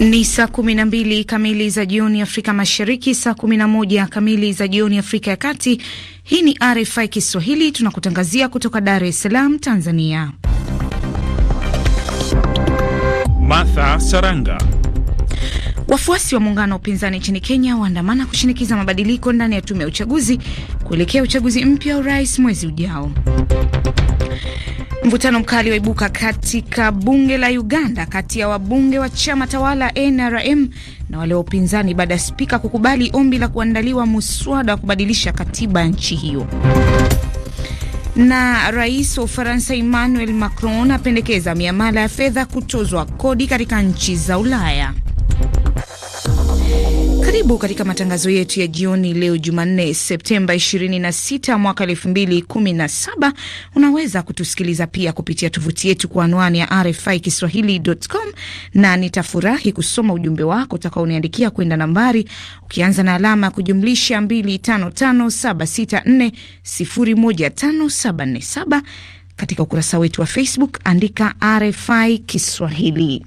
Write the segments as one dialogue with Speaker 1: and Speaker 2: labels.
Speaker 1: Ni saa 12 kamili za jioni Afrika Mashariki, saa 11 kamili za jioni Afrika ya Kati. Hii ni RFI Kiswahili, tunakutangazia kutoka Dar es Salaam, Tanzania.
Speaker 2: Martha Saranga.
Speaker 1: Wafuasi wa muungano wa upinzani nchini Kenya waandamana kushinikiza mabadiliko ndani ya tume ya uchaguzi kuelekea uchaguzi mpya wa urais mwezi ujao. Mvutano mkali waibuka katika bunge la Uganda kati ya wabunge wa chama tawala NRM na wale wa upinzani baada ya spika kukubali ombi la kuandaliwa muswada wa kubadilisha katiba ya nchi hiyo. Na rais wa Ufaransa Emmanuel Macron apendekeza miamala ya fedha kutozwa kodi katika nchi za Ulaya. Karibu katika matangazo yetu ya jioni leo Jumanne, Septemba 26 mwaka 2017. Unaweza kutusikiliza pia kupitia tovuti yetu kwa anwani ya RFI Kiswahili.com, na nitafurahi kusoma ujumbe wako utakaoniandikia kwenda nambari ukianza na alama ya kujumlisha 255764015747. Katika ukurasa wetu wa Facebook andika RFI Kiswahili.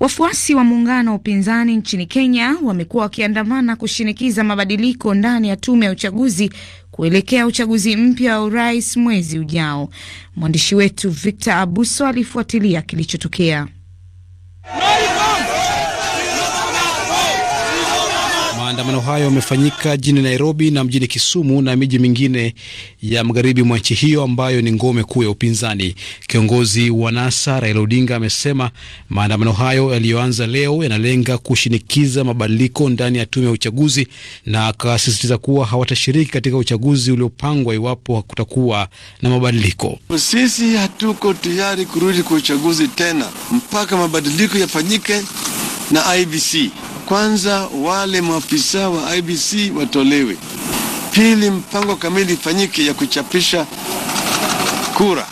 Speaker 1: Wafuasi wa muungano wa upinzani nchini Kenya wamekuwa wakiandamana kushinikiza mabadiliko ndani ya tume ya uchaguzi kuelekea uchaguzi mpya wa urais mwezi ujao. Mwandishi wetu Victor Abuso alifuatilia kilichotokea.
Speaker 3: Maandamano hayo yamefanyika jini Nairobi na mjini Kisumu na miji mingine ya magharibi mwa nchi hiyo ambayo ni ngome kuu ya upinzani. Kiongozi wa NASA Raila Odinga amesema maandamano hayo yaliyoanza leo yanalenga kushinikiza mabadiliko ndani ya tume ya uchaguzi, na akasisitiza kuwa hawatashiriki katika uchaguzi uliopangwa iwapo hakutakuwa na mabadiliko.
Speaker 4: Sisi hatuko tayari kurudi kwa uchaguzi tena mpaka mabadiliko yafanyike na IBC. Kwanza wale maafisa wa IBC watolewe. Pili, mpango kamili ifanyike ya kuchapisha kura.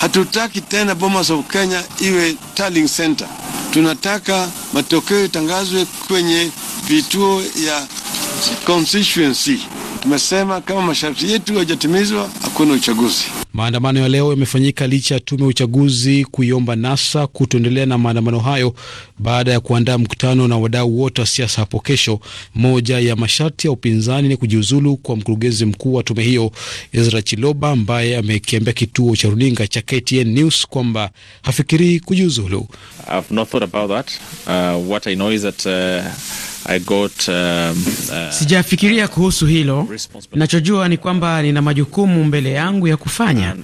Speaker 4: Hatutaki tena Bomas of Kenya iwe tallying center. Tunataka matokeo itangazwe kwenye vituo ya constituency. Tumesema kama masharti yetu hayajatimizwa hakuna uchaguzi.
Speaker 3: Maandamano ya leo yamefanyika licha ya tume ya uchaguzi kuiomba NASA kutoendelea na maandamano hayo baada ya kuandaa mkutano na wadau wote wa siasa hapo kesho. Moja ya masharti ya upinzani ni kujiuzulu kwa mkurugenzi mkuu wa tume hiyo Ezra Chiloba, ambaye amekiambia kituo cha runinga cha KTN
Speaker 2: News kwamba hafikirii kujiuzulu um, uh,
Speaker 5: sijafikiria kuhusu hilo. Nachojua ni kwamba nina majukumu mbele yangu ya kufanya.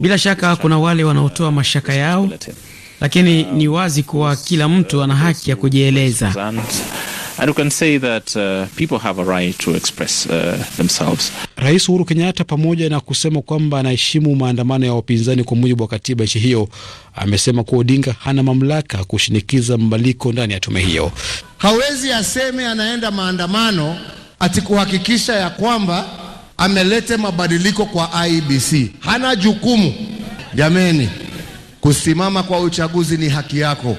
Speaker 5: Bila shaka kuna wale wanaotoa mashaka yao lakini ni wazi kuwa kila mtu ana haki ya kujieleza.
Speaker 6: Uh, uh,
Speaker 3: Rais Uhuru Kenyatta pamoja na kusema kwamba anaheshimu maandamano ya wapinzani kwa mujibu wa katiba nchi hiyo, amesema kuwa Odinga hana mamlaka kushinikiza mabadiliko ndani ya tume hiyo.
Speaker 7: Hawezi aseme anaenda maandamano ati kuhakikisha ya kwamba amelete mabadiliko kwa IBC, hana jukumu jameni. Kusimama kwa uchaguzi ni haki yako.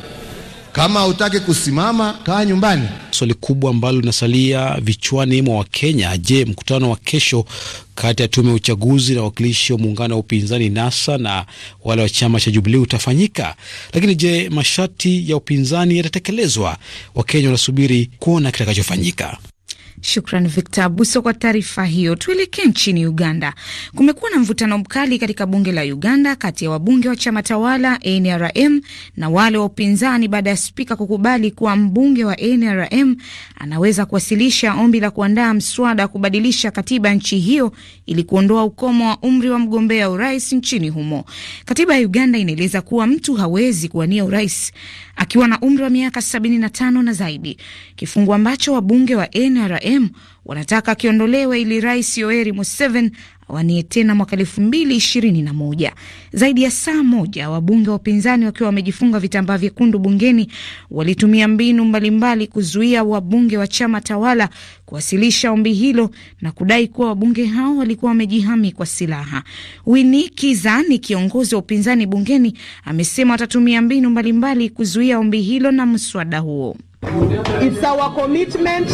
Speaker 7: Kama hutaki kusimama,
Speaker 3: kaa nyumbani. Swali kubwa ambalo linasalia vichwani mwa Wakenya: je, mkutano wa kesho kati ya tume ya uchaguzi na wawakilishi wa muungano wa upinzani NASA na wale wa chama cha Jubilii utafanyika? Lakini je, masharti ya upinzani yatatekelezwa? Wakenya wanasubiri kuona kitakachofanyika.
Speaker 1: Shukran Victor Buso kwa taarifa hiyo. Tuelekee nchini Uganda. Kumekuwa na mvutano mkali katika bunge la Uganda kati ya wabunge wa chama tawala NRM na wale wa upinzani baada ya spika kukubali kuwa mbunge wa NRM anaweza kuwasilisha ombi la kuandaa mswada wa kubadilisha katiba ya nchi hiyo ili kuondoa ukomo wa umri wa mgombea urais nchini humo. Katiba ya Uganda inaeleza kuwa mtu hawezi kuwania urais akiwa na umri wa miaka 75 na zaidi, kifungu ambacho wabunge wa NRM ORM wanataka akiondolewe ili Rais Yoweri Museveni awanie tena mwaka elfu mbili ishirini na moja. Zaidi ya saa moja wabunge wa upinzani wakiwa wamejifunga vitambaa vyekundu bungeni walitumia mbinu mbalimbali kuzuia wabunge wa chama tawala kuwasilisha ombi hilo na kudai kuwa wabunge hao walikuwa wamejihami kwa silaha. Winikiza ni kiongozi wa upinzani bungeni, amesema watatumia mbinu mbalimbali kuzuia ombi hilo na mswada huo.
Speaker 5: It's our commitment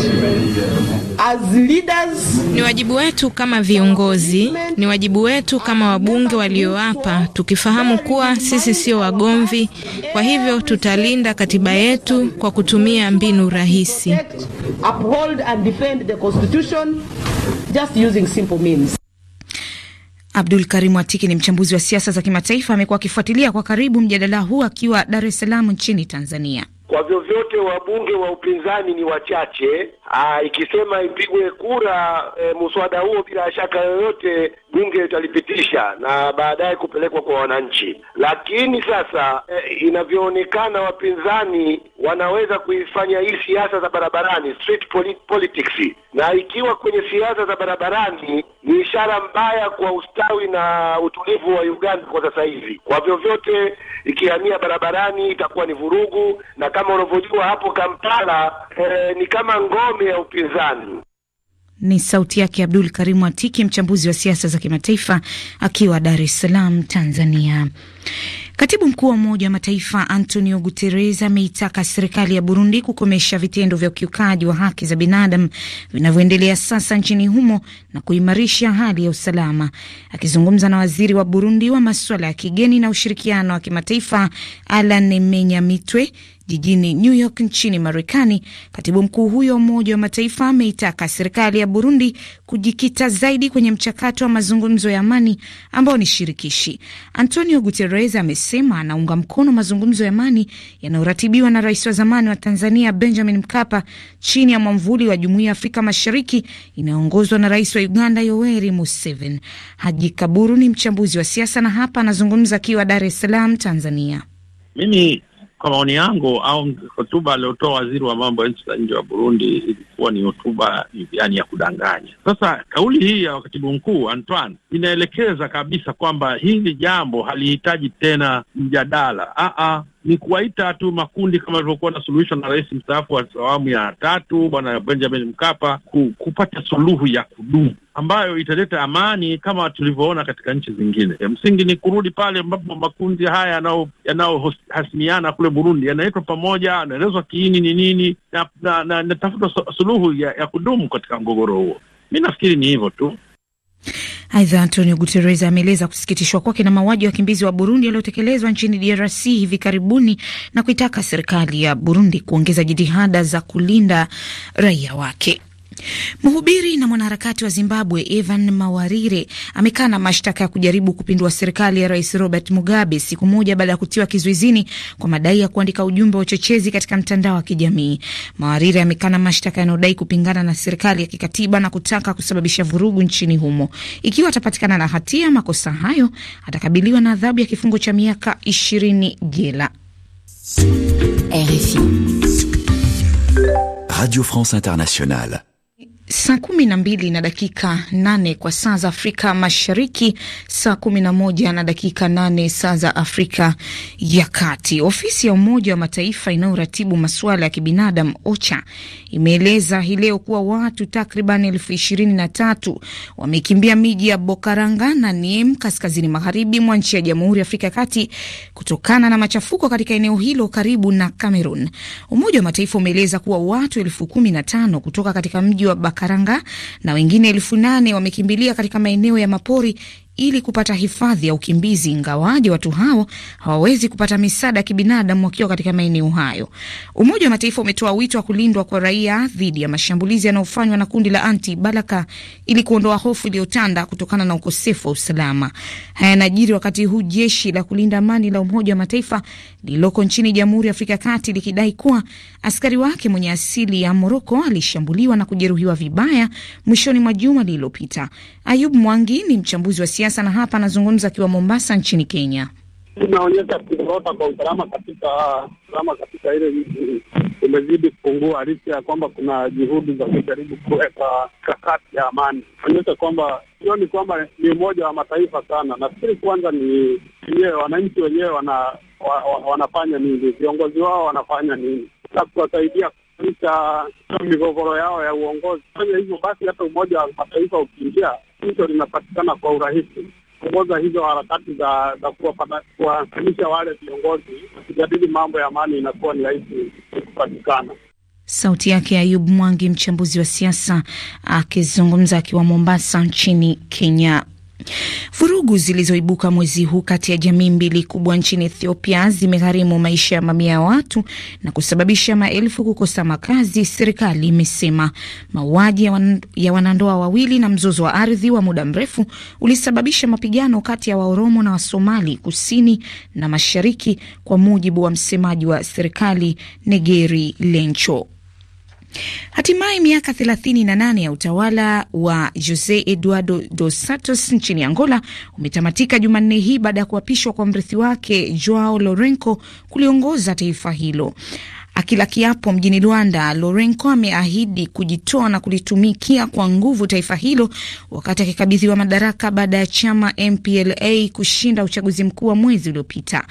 Speaker 8: as leaders. Ni wajibu wetu kama viongozi, ni wajibu wetu kama wabunge walioapa, tukifahamu kuwa sisi sio wagomvi. Kwa hivyo tutalinda katiba yetu kwa kutumia mbinu rahisi.
Speaker 1: Uphold and defend the constitution just using simple means. Abdul Karimu Atiki ni mchambuzi wa siasa za kimataifa, amekuwa akifuatilia kwa karibu mjadala huu akiwa Dar es Salaam nchini Tanzania.
Speaker 9: Kwa vyovyote wabunge wa upinzani ni wachache Aa, ah, ikisema ipigwe kura e, muswada huo bila shaka yoyote bunge litalipitisha na baadaye kupelekwa kwa wananchi. Lakini sasa e, inavyoonekana wapinzani wanaweza kuifanya hii siasa za barabarani, street politics, na ikiwa kwenye siasa za barabarani ni ishara mbaya kwa ustawi na utulivu wa Uganda kwa sasa hivi. Kwa vyovyote, ikihamia barabarani itakuwa ni vurugu, na kama unavyojua hapo Kampala e, ni kama ngome ngome ya upinzani.
Speaker 1: Ni sauti yake Abdul Karimu Atiki, mchambuzi wa siasa za kimataifa akiwa Dar es Salaam, Tanzania. Katibu mkuu wa Umoja wa Mataifa Antonio Guterres ameitaka serikali ya Burundi kukomesha vitendo vya ukiukaji wa haki za binadamu vinavyoendelea sasa nchini humo na kuimarisha hali ya usalama. Akizungumza na waziri wa Burundi wa masuala ya kigeni na ushirikiano wa kimataifa Alain Menyamitwe jijini New York nchini Marekani. Katibu mkuu huyo wa Umoja wa Mataifa ameitaka serikali ya Burundi kujikita zaidi kwenye mchakato wa mazungumzo ya amani ambao ni shirikishi. Antonio Guterres amesema anaunga mkono mazungumzo ya amani yanayoratibiwa na rais wa zamani wa Tanzania Benjamin Mkapa chini ya mwamvuli wa Jumuiya ya Afrika Mashariki inayoongozwa na rais wa Uganda Yoweri Museveni. Haji Kaburu ni mchambuzi wa siasa na hapa anazungumza akiwa Dar es Salaam, Tanzania.
Speaker 2: Mimi kwa maoni yangu, au hotuba aliotoa waziri wa mambo ya nchi za nje wa Burundi ilikuwa ni hotuba yani ya kudanganya. Sasa kauli hii ya katibu mkuu Antoine inaelekeza kabisa kwamba hili jambo halihitaji tena mjadala. Aa, ni kuwaita tu makundi kama alivyokuwa na suluhisho na rais mstaafu wa awamu ya tatu Bwana Benjamin Mkapa ku, kupata suluhu ya kudumu ambayo italeta amani kama tulivyoona katika nchi zingine. Ya msingi ni kurudi pale ambapo makundi haya yanayohasimiana kule Burundi yanaitwa pamoja, anaelezwa kiini ni nini, na, inatafutwa na, na suluhu ya, ya kudumu katika mgogoro huo. Mi nafikiri ni hivyo tu.
Speaker 1: Aidha, Antonio Guterres ameeleza kusikitishwa kwake na mauaji ya wakimbizi wa Burundi yaliyotekelezwa nchini DRC hivi karibuni na kuitaka serikali ya Burundi kuongeza jitihada za kulinda raia wake. Mhubiri na mwanaharakati wa Zimbabwe Evan Mawarire amekana mashtaka ya kujaribu kupindua serikali ya Rais Robert Mugabe siku moja baada ya kutiwa kizuizini kwa madai ya kuandika ujumbe wa uchochezi katika mtandao wa kijamii. Mawarire amekana mashtaka yanayodai kupingana na serikali ya kikatiba na kutaka kusababisha vurugu nchini humo. Ikiwa atapatikana na hatia makosa hayo, atakabiliwa na adhabu ya kifungo cha miaka ishirini jela.
Speaker 10: RFI Radio France Internationale
Speaker 1: Saa kumi na mbili na dakika nane kwa saa za Afrika Mashariki, saa kumi na moja na dakika nane saa za Afrika ya Kati. Ofisi ya Umoja wa Mataifa inayoratibu masuala ya kibinadamu OCHA imeeleza hii leo kuwa watu takriban elfu ishirini na tatu wamekimbia miji ya Bokaranga na Niem kaskazini magharibi mwa nchi ya Jamhuri ya Afrika ya Kati kutokana na machafuko katika eneo hilo karibu na Cameroon. Umoja wa Mataifa umeeleza kuwa watu elfu kumi na tano kutoka katika mji wa Baka Karanga na wengine elfu nane wamekimbilia katika maeneo ya mapori ili kupata hifadhi ya ukimbizi, ingawaje watu hao hawawezi kupata misaada ya kibinadamu wakiwa katika maeneo hayo. Umoja wa Mataifa umetoa wito wa kulindwa kwa raia dhidi ya mashambulizi yanayofanywa na kundi la Anti Balaka ili kuondoa hofu iliyotanda kutokana na ukosefu wa usalama. Haya yanajiri wakati huu jeshi la kulinda amani la Umoja wa Mataifa lililoko nchini Jamhuri ya Afrika ya Kati likidai kuwa askari wake mwenye asili ya Moroko alishambuliwa na kujeruhiwa vibaya mwishoni mwa juma lililopita. Ayub Mwangi ni mchambuzi wa kisiasa, na hapa anazungumza akiwa Mombasa nchini Kenya.
Speaker 11: Inaonyesha kuzorota kwa usalama katika usalama katika ile nchi umezidi kupungua, licha ya kwamba kuna juhudi za kujaribu kuweka kakati ya amani. Inaonyesha kwamba hiyo ni kwamba ni Umoja wa Mataifa sana. Nafikiri kwanza ni wenyewe wananchi wenyewe wana, wa, wa, wanafanya nini, viongozi wao wanafanya nini na kuwasaidia kuisha migogoro yao ya uongozi. Fanya hivyo basi, hata Umoja wa Mataifa ukiingia fundisho linapatikana kwa urahisi kuongoza hizo harakati za za kuwafanisha wale viongozi wakijadili mambo ya amani, inakuwa ni rahisi kupatikana.
Speaker 1: Sauti yake Ayub Mwangi, mchambuzi wa siasa, akizungumza akiwa Mombasa nchini Kenya. Vurugu zilizoibuka mwezi huu kati ya jamii mbili kubwa nchini Ethiopia zimegharimu maisha ya mamia ya watu na kusababisha maelfu kukosa makazi, serikali imesema. Mauaji ya, wanandoa wawili na mzozo wa ardhi wa muda mrefu ulisababisha mapigano kati ya Waoromo na Wasomali kusini na mashariki, kwa mujibu wa msemaji wa serikali Negeri Lencho. Hatimaye miaka 38 ya utawala wa Jose Eduardo dos Santos nchini Angola umetamatika Jumanne hii baada ya kuapishwa kwa mrithi wake Joao Lourenco kuliongoza taifa hilo. Akila kiapo mjini Luanda, Lorenco ameahidi kujitoa na kulitumikia kwa nguvu taifa hilo wakati akikabidhiwa madaraka baada ya chama MPLA kushinda uchaguzi mkuu wa mwezi uliopita.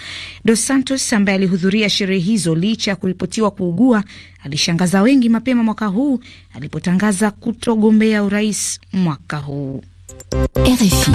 Speaker 1: Dos Santos ambaye alihudhuria sherehe hizo licha ya kuripotiwa kuugua alishangaza wengi mapema mwaka huu alipotangaza kutogombea urais mwaka huu. RFI.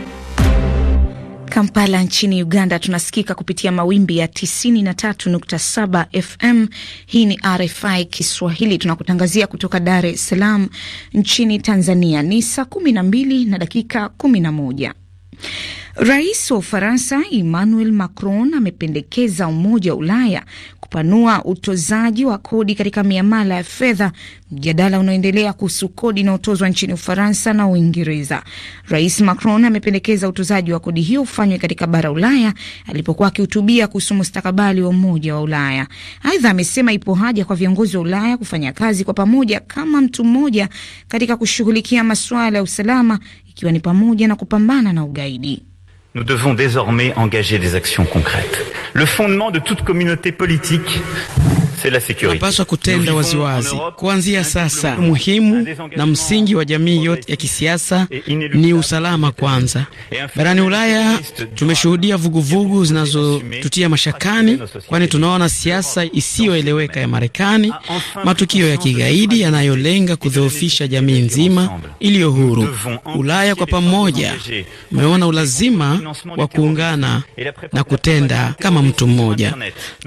Speaker 1: Kampala nchini Uganda tunasikika kupitia mawimbi ya 93.7 FM. Hii ni RFI Kiswahili, tunakutangazia kutoka Dar es Salaam nchini Tanzania. Ni saa 12 na dakika 11. Rais wa Ufaransa Emmanuel Macron amependekeza Umoja wa Ulaya kupanua utozaji wa kodi katika miamala ya fedha, mjadala unaoendelea kuhusu kodi inayotozwa nchini Ufaransa na Uingereza. Rais Macron amependekeza utozaji wa kodi hiyo ufanywe katika bara Ulaya alipokuwa akihutubia kuhusu mustakabali wa Umoja wa Ulaya. Aidha, amesema ipo haja kwa viongozi wa Ulaya kufanya kazi kwa pamoja kama mtu mmoja katika kushughulikia masuala ya usalama, ikiwa ni pamoja na kupambana na ugaidi.
Speaker 12: Nous devons désormais engager des actions concrètes. Le fondement de toute communauté politique tunapaswa
Speaker 1: kutenda waziwazi
Speaker 5: kuanzia sasa. Muhimu na msingi wa jamii yote ya kisiasa ni usalama kwanza. Barani Ulaya tumeshuhudia vuguvugu zinazotutia mashakani, kwani tunaona siasa isiyoeleweka ya Marekani, matukio ya kigaidi yanayolenga kudhoofisha jamii nzima iliyo huru. Ulaya kwa pamoja umeona ulazima wa kuungana na kutenda kama mtu mmoja.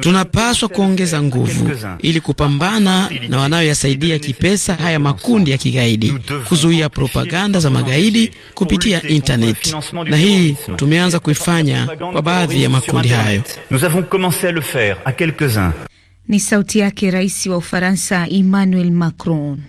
Speaker 5: Tunapaswa kuongeza nguvu ili kupambana na wanayoyasaidia kipesa haya makundi ya kigaidi, kuzuia propaganda za magaidi kupitia intaneti,
Speaker 12: na hii tumeanza kuifanya kwa baadhi ya makundi hayo.
Speaker 1: Ni sauti yake Rais wa Ufaransa Emmanuel Macron.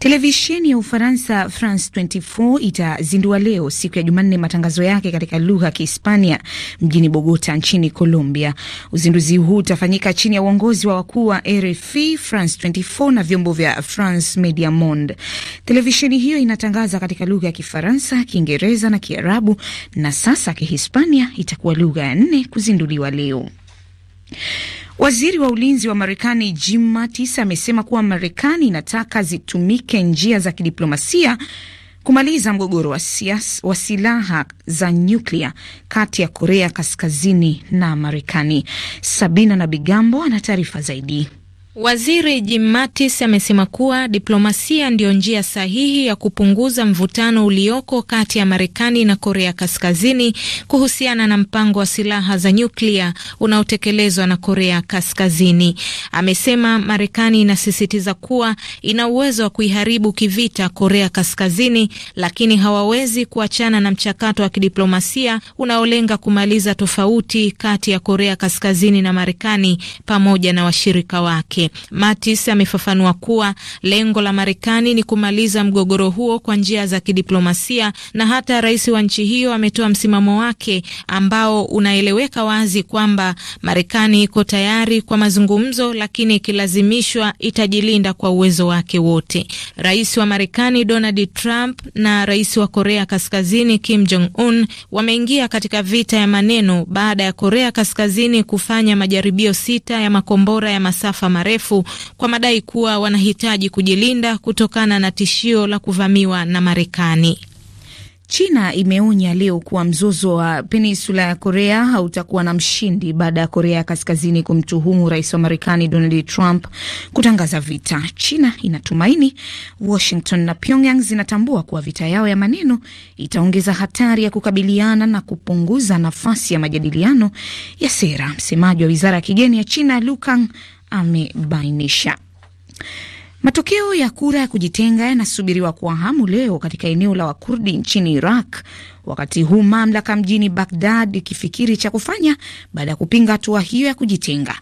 Speaker 1: Televisheni ya Ufaransa France 24 itazindua leo siku ya Jumanne matangazo yake katika lugha ya Kihispania mjini Bogota nchini Colombia. Uzinduzi huu utafanyika chini ya uongozi wa wakuu wa RFI France 24 na vyombo vya France Media Monde. Televisheni hiyo inatangaza katika lugha ya Kifaransa, Kiingereza na Kiarabu, na sasa Kihispania itakuwa lugha ya nne kuzinduliwa leo. Waziri wa ulinzi wa Marekani Jim Mattis amesema kuwa Marekani inataka zitumike njia za kidiplomasia kumaliza mgogoro wa, wa silaha za nyuklia kati ya Korea Kaskazini na Marekani.
Speaker 8: Sabina na Bigambo ana
Speaker 1: taarifa zaidi.
Speaker 8: Waziri Jim Mattis amesema kuwa diplomasia ndiyo njia sahihi ya kupunguza mvutano ulioko kati ya Marekani na Korea Kaskazini kuhusiana na mpango wa silaha za nyuklia unaotekelezwa na Korea Kaskazini. Amesema Marekani inasisitiza kuwa ina uwezo wa kuiharibu kivita Korea Kaskazini, lakini hawawezi kuachana na mchakato wa kidiplomasia unaolenga kumaliza tofauti kati ya Korea Kaskazini na Marekani pamoja na washirika wake. Chile. Mattis amefafanua kuwa lengo la Marekani ni kumaliza mgogoro huo kwa njia za kidiplomasia, na hata rais wa nchi hiyo ametoa msimamo wake ambao unaeleweka wazi kwamba Marekani iko tayari kwa mazungumzo, lakini ikilazimishwa itajilinda kwa uwezo wake wote. Rais wa Marekani Donald Trump na rais wa Korea Kaskazini Kim Jong Un wameingia katika vita ya maneno baada ya Korea Kaskazini kufanya majaribio sita ya makombora ya masafa marefu marefu kwa madai kuwa wanahitaji kujilinda kutokana na tishio la kuvamiwa na Marekani.
Speaker 1: China imeonya leo kuwa mzozo wa peninsula ya Korea hautakuwa na mshindi baada ya Korea ya Kaskazini kumtuhumu rais wa Marekani Donald Trump kutangaza vita. China inatumaini Washington na Pyongyang zinatambua kuwa vita yao ya maneno itaongeza hatari ya kukabiliana na kupunguza nafasi ya majadiliano ya sera. Msemaji wa wizara ya kigeni ya China Lu Kang amebainisha. Matokeo ya kura ya kujitenga yanasubiriwa kwa hamu leo katika eneo la Wakurdi nchini Iraq wakati huu mamlaka mjini bagdad ikifikiri cha kufanya baada ya kupinga hatua hiyo ya kujitenga.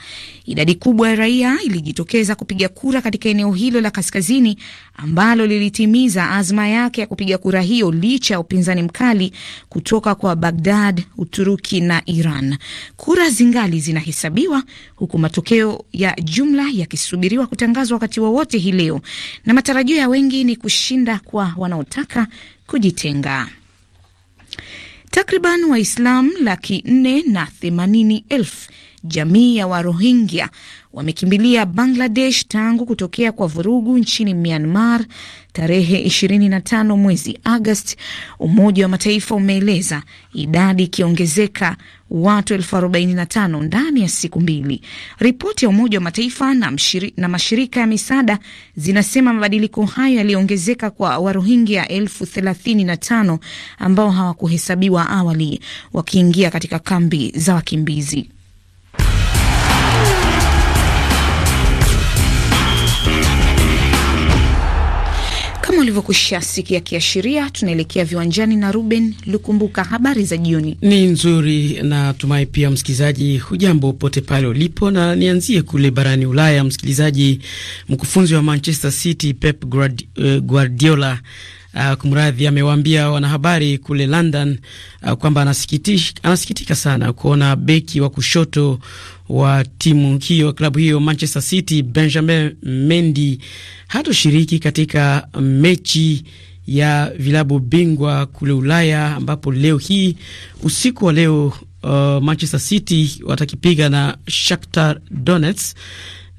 Speaker 1: Idadi kubwa ya raia ilijitokeza kupiga kura katika eneo hilo la kaskazini ambalo lilitimiza azma yake ya kupiga kura hiyo licha ya upinzani mkali kutoka kwa bagdad Uturuki na Iran. Kura zingali zinahesabiwa huku matokeo ya jumla yakisubiriwa kutangazwa wakati wowote wa hii leo, na matarajio ya wengi ni kushinda kwa wanaotaka kujitenga. Takriban waislam laki nne na themanini elfu jamii ya Warohingya wamekimbilia Bangladesh tangu kutokea kwa vurugu nchini Myanmar tarehe 25 mwezi Agosti, Umoja wa Mataifa umeeleza, idadi ikiongezeka watu elfu arobaini na tano ndani ya siku mbili. Ripoti ya Umoja wa Mataifa na, mshiri, na mashirika ya misaada zinasema mabadiliko hayo yaliyoongezeka kwa Warohingya elfu thelathini na tano ambao hawakuhesabiwa awali wakiingia katika kambi za wakimbizi. Kama ya kiashiria, tunaelekea viwanjani na Ruben Lukumbuka. Habari za jioni
Speaker 5: ni nzuri, natumai pia msikilizaji hujambo pote pale ulipo, na nianzie kule barani Ulaya. Msikilizaji, mkufunzi wa Manchester City Pep Guardiola eh, uh, kumradhi, amewaambia wanahabari kule London uh, kwamba anasikitika sana kuona beki wa kushoto wa timu hiyo klabu hiyo Manchester City Benjamin Mendy hatoshiriki katika mechi ya vilabu bingwa kule Ulaya ambapo leo hii usiku wa leo uh, Manchester City watakipiga na Shakhtar Donetsk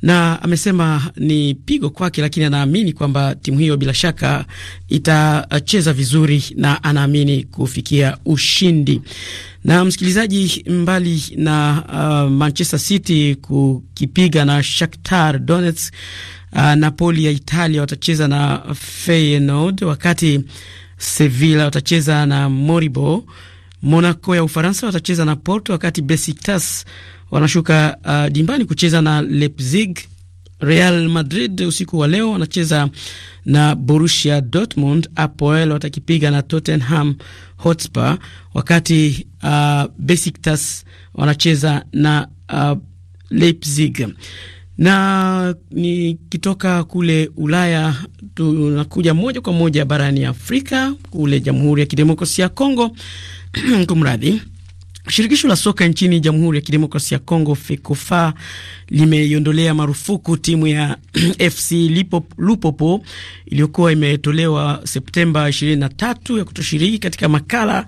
Speaker 5: na amesema ni pigo kwake, lakini anaamini kwamba timu hiyo bila shaka itacheza vizuri na anaamini kufikia ushindi. Na msikilizaji, mbali na uh, Manchester City kukipiga na Shakhtar Donetsk, uh, Napoli ya Italia watacheza na Feyenoord, wakati Sevilla watacheza na Moribo. Monaco ya Ufaransa watacheza na Porto, wakati Besiktas wanashuka uh, dimbani kucheza na Leipzig. Real Madrid usiku wa leo wanacheza na Borussia Dortmund. Apoel watakipiga na Tottenham Hotspur, wakati uh, Besiktas wanacheza na uh, Leipzig. Na nikitoka kule Ulaya tunakuja moja kwa moja barani Afrika, kule Jamhuri ya Kidemokrasia ya Kongo kumradhi Shirikisho la soka nchini Jamhuri ya Kidemokrasia ya Kongo, fekofa limeiondolea marufuku timu ya FC Lupopo iliyokuwa imetolewa Septemba 23 ya kutoshiriki katika makala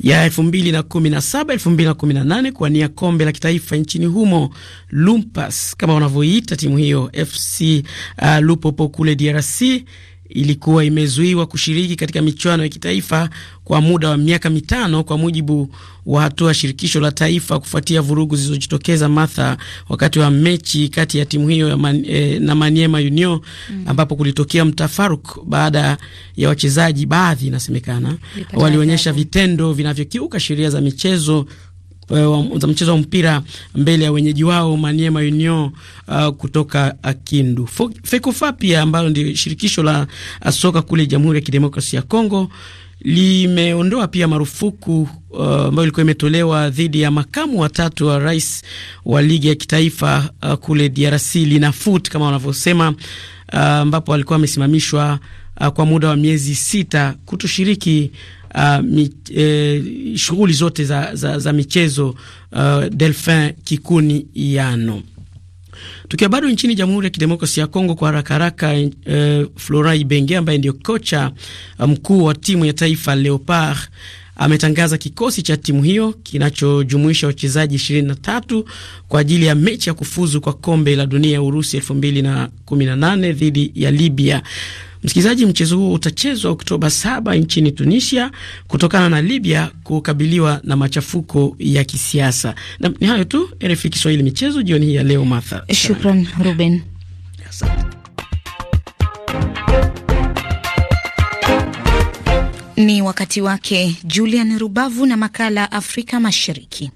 Speaker 5: ya 2017 2018 kuwania kombe la kitaifa nchini humo, Lumpas kama wanavyoiita timu hiyo, FC uh, Lupopo kule DRC ilikuwa imezuiwa kushiriki katika michuano ya kitaifa kwa muda wa miaka mitano kwa mujibu wa hatua shirikisho la taifa kufuatia vurugu zilizojitokeza Martha, wakati wa mechi kati ya timu hiyo man, e, na Maniema Union mm, ambapo kulitokea mtafaruk baada ya wachezaji baadhi, inasemekana walionyesha vitendo vinavyokiuka sheria za michezo Eh, za mchezo wa mpira mbele ya wenyeji wao Maniema Union uh, kutoka eh, Kindu. FECOFA pia ambalo ndio shirikisho la soka kule Jamhuri ya Kidemokrasia ya Kongo limeondoa pia marufuku ambayo uh, ilikuwa imetolewa dhidi ya makamu watatu wa rais wa ligi ya kitaifa uh, kule DRC Linafut kama wanavyosema, ambapo uh, alikuwa amesimamishwa uh, kwa muda wa miezi sita kutoshiriki uh, mi, eh, shughuli zote za, za, za michezo uh, Delfin Kikuni Yano. Tukiwa bado nchini Jamhuri ya Kidemokrasia ya Kongo, kwa haraka haraka eh, Florent Ibenge ambaye ndio kocha uh, mkuu wa timu ya taifa Leopard ametangaza kikosi cha timu hiyo kinachojumuisha wachezaji 23 kwa ajili ya mechi ya kufuzu kwa kombe la dunia ya Urusi 2018 dhidi ya Libya. Msikilizaji, mchezo huo utachezwa Oktoba saba nchini Tunisia kutokana na Libya kukabiliwa na machafuko ya kisiasa. Na ni hayo tu, RFI Kiswahili michezo jioni hii ya leo. Martha, shukran
Speaker 1: Ruben. Yes. Ni wakati wake Julian Rubavu na makala Afrika Mashariki.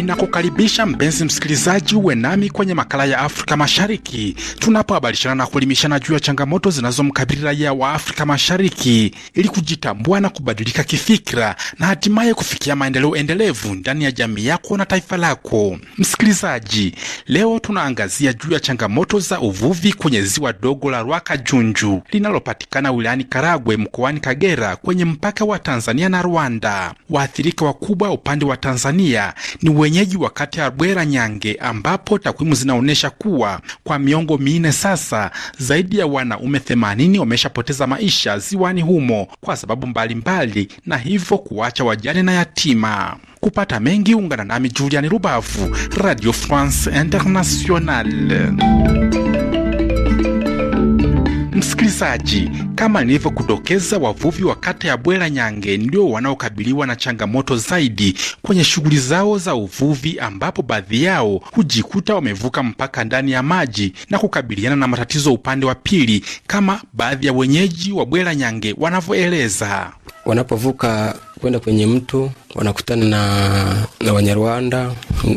Speaker 10: Ninakukaribisha mpenzi msikilizaji, uwe nami kwenye makala ya Afrika Mashariki tunapohabarishana na kuelimishana juu ya changamoto zinazomkabili raia wa Afrika Mashariki ili kujitambua na kubadilika kifikira na hatimaye kufikia maendeleo endelevu ndani ya jamii yako na taifa lako. Msikilizaji, leo tunaangazia juu ya changamoto za uvuvi kwenye ziwa dogo la Rwakajunju linalopatikana wilayani Karagwe mkoani Kagera kwenye mpaka wa Tanzania na Rwanda. Waathirika wakubwa upande wa Tanzania ni wenyeji wa kata ya nyange ambapo takwimu zinaonyesha kuwa kwa miongo minne sasa zaidi ya wanaume 80 wameshapoteza maisha ziwani humo kwa sababu mbalimbali mbali, na hivyo kuacha wajane na yatima. Kupata mengi ungana nami Juliani Rubavu, Radio France Internationale. Msikilizaji, kama nilivyokudokeza, wavuvi wa kata ya Bwera Nyange ndio wanaokabiliwa na changamoto zaidi kwenye shughuli zao za uvuvi, ambapo baadhi yao hujikuta wamevuka mpaka ndani ya maji na kukabiliana na matatizo upande wa pili, kama baadhi ya wenyeji wa Bwera Nyange wanavyoeleza. Wanapovuka kwenda
Speaker 3: kwenye mto wanakutana na, na Wanyarwanda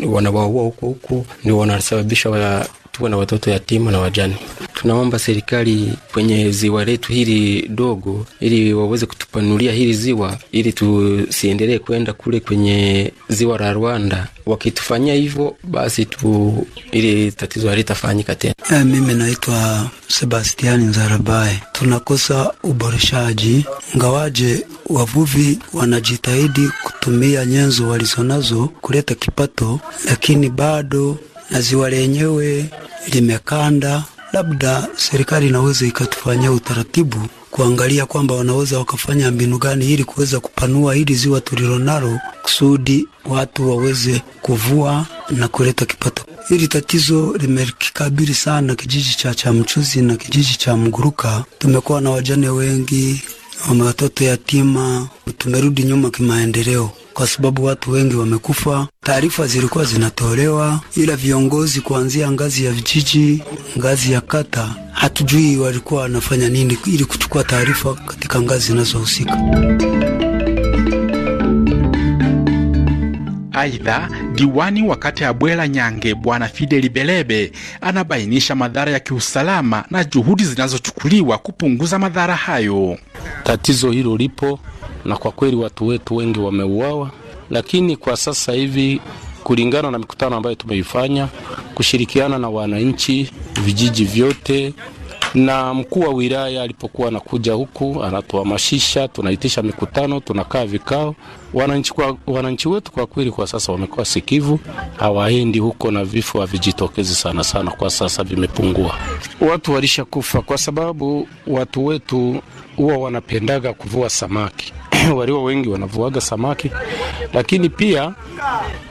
Speaker 3: wanawaua huko huko, ndio wanasababisha tuwe na watoto yatima na wajani. Tunaomba serikali kwenye ziwa letu hili dogo, ili waweze kutupanulia hili ziwa, ili tusiendelee kwenda kule kwenye ziwa la Rwanda. Wakitufanyia hivyo, basi
Speaker 6: tu ili tatizo halitafanyika tena.
Speaker 12: E, mimi naitwa Sebastiani Nzarabae. Tunakosa uboreshaji, ngawaje wavuvi wanajitahidi kutumia nyenzo walizonazo kuleta kipato, lakini bado na ziwa lenyewe limekanda. Labda serikali inaweza ikatufanyia utaratibu kuangalia kwamba wanaweza wakafanya mbinu gani ili kuweza kupanua hili ziwa tulilonalo kusudi watu waweze kuvua na kuleta kipato. Hili tatizo limekikabili sana kijiji cha Chamchuzi na kijiji cha Mguruka. Tumekuwa na wajane wengi wame watoto yatima. Tumerudi nyuma kimaendeleo kwa sababu watu wengi wamekufa. Taarifa zilikuwa zinatolewa, ila viongozi kuanzia ngazi ya vijiji, ngazi ya kata, hatujui walikuwa wanafanya nini ili kuchukua taarifa katika ngazi zinazohusika.
Speaker 10: Aidha, Diwani wa kata ya Bwela Nyange Bwana Fideli Belebe anabainisha madhara ya kiusalama na juhudi zinazochukuliwa kupunguza madhara hayo. Tatizo hilo lipo na kwa kweli watu wetu
Speaker 6: wengi wameuawa, lakini kwa sasa hivi kulingana na mikutano ambayo tumeifanya kushirikiana na wananchi vijiji vyote na mkuu wa wilaya alipokuwa anakuja huku anatuhamasisha, tunaitisha mikutano, tunakaa vikao. Wananchi kwa wananchi wetu kwa kweli kwa sasa wamekuwa sikivu, hawaendi huko na vifo havijitokezi sana sana, kwa sasa vimepungua. Watu walishakufa kwa sababu watu wetu huwa wanapendaga kuvua samaki walio wengi wanavuaga samaki, lakini pia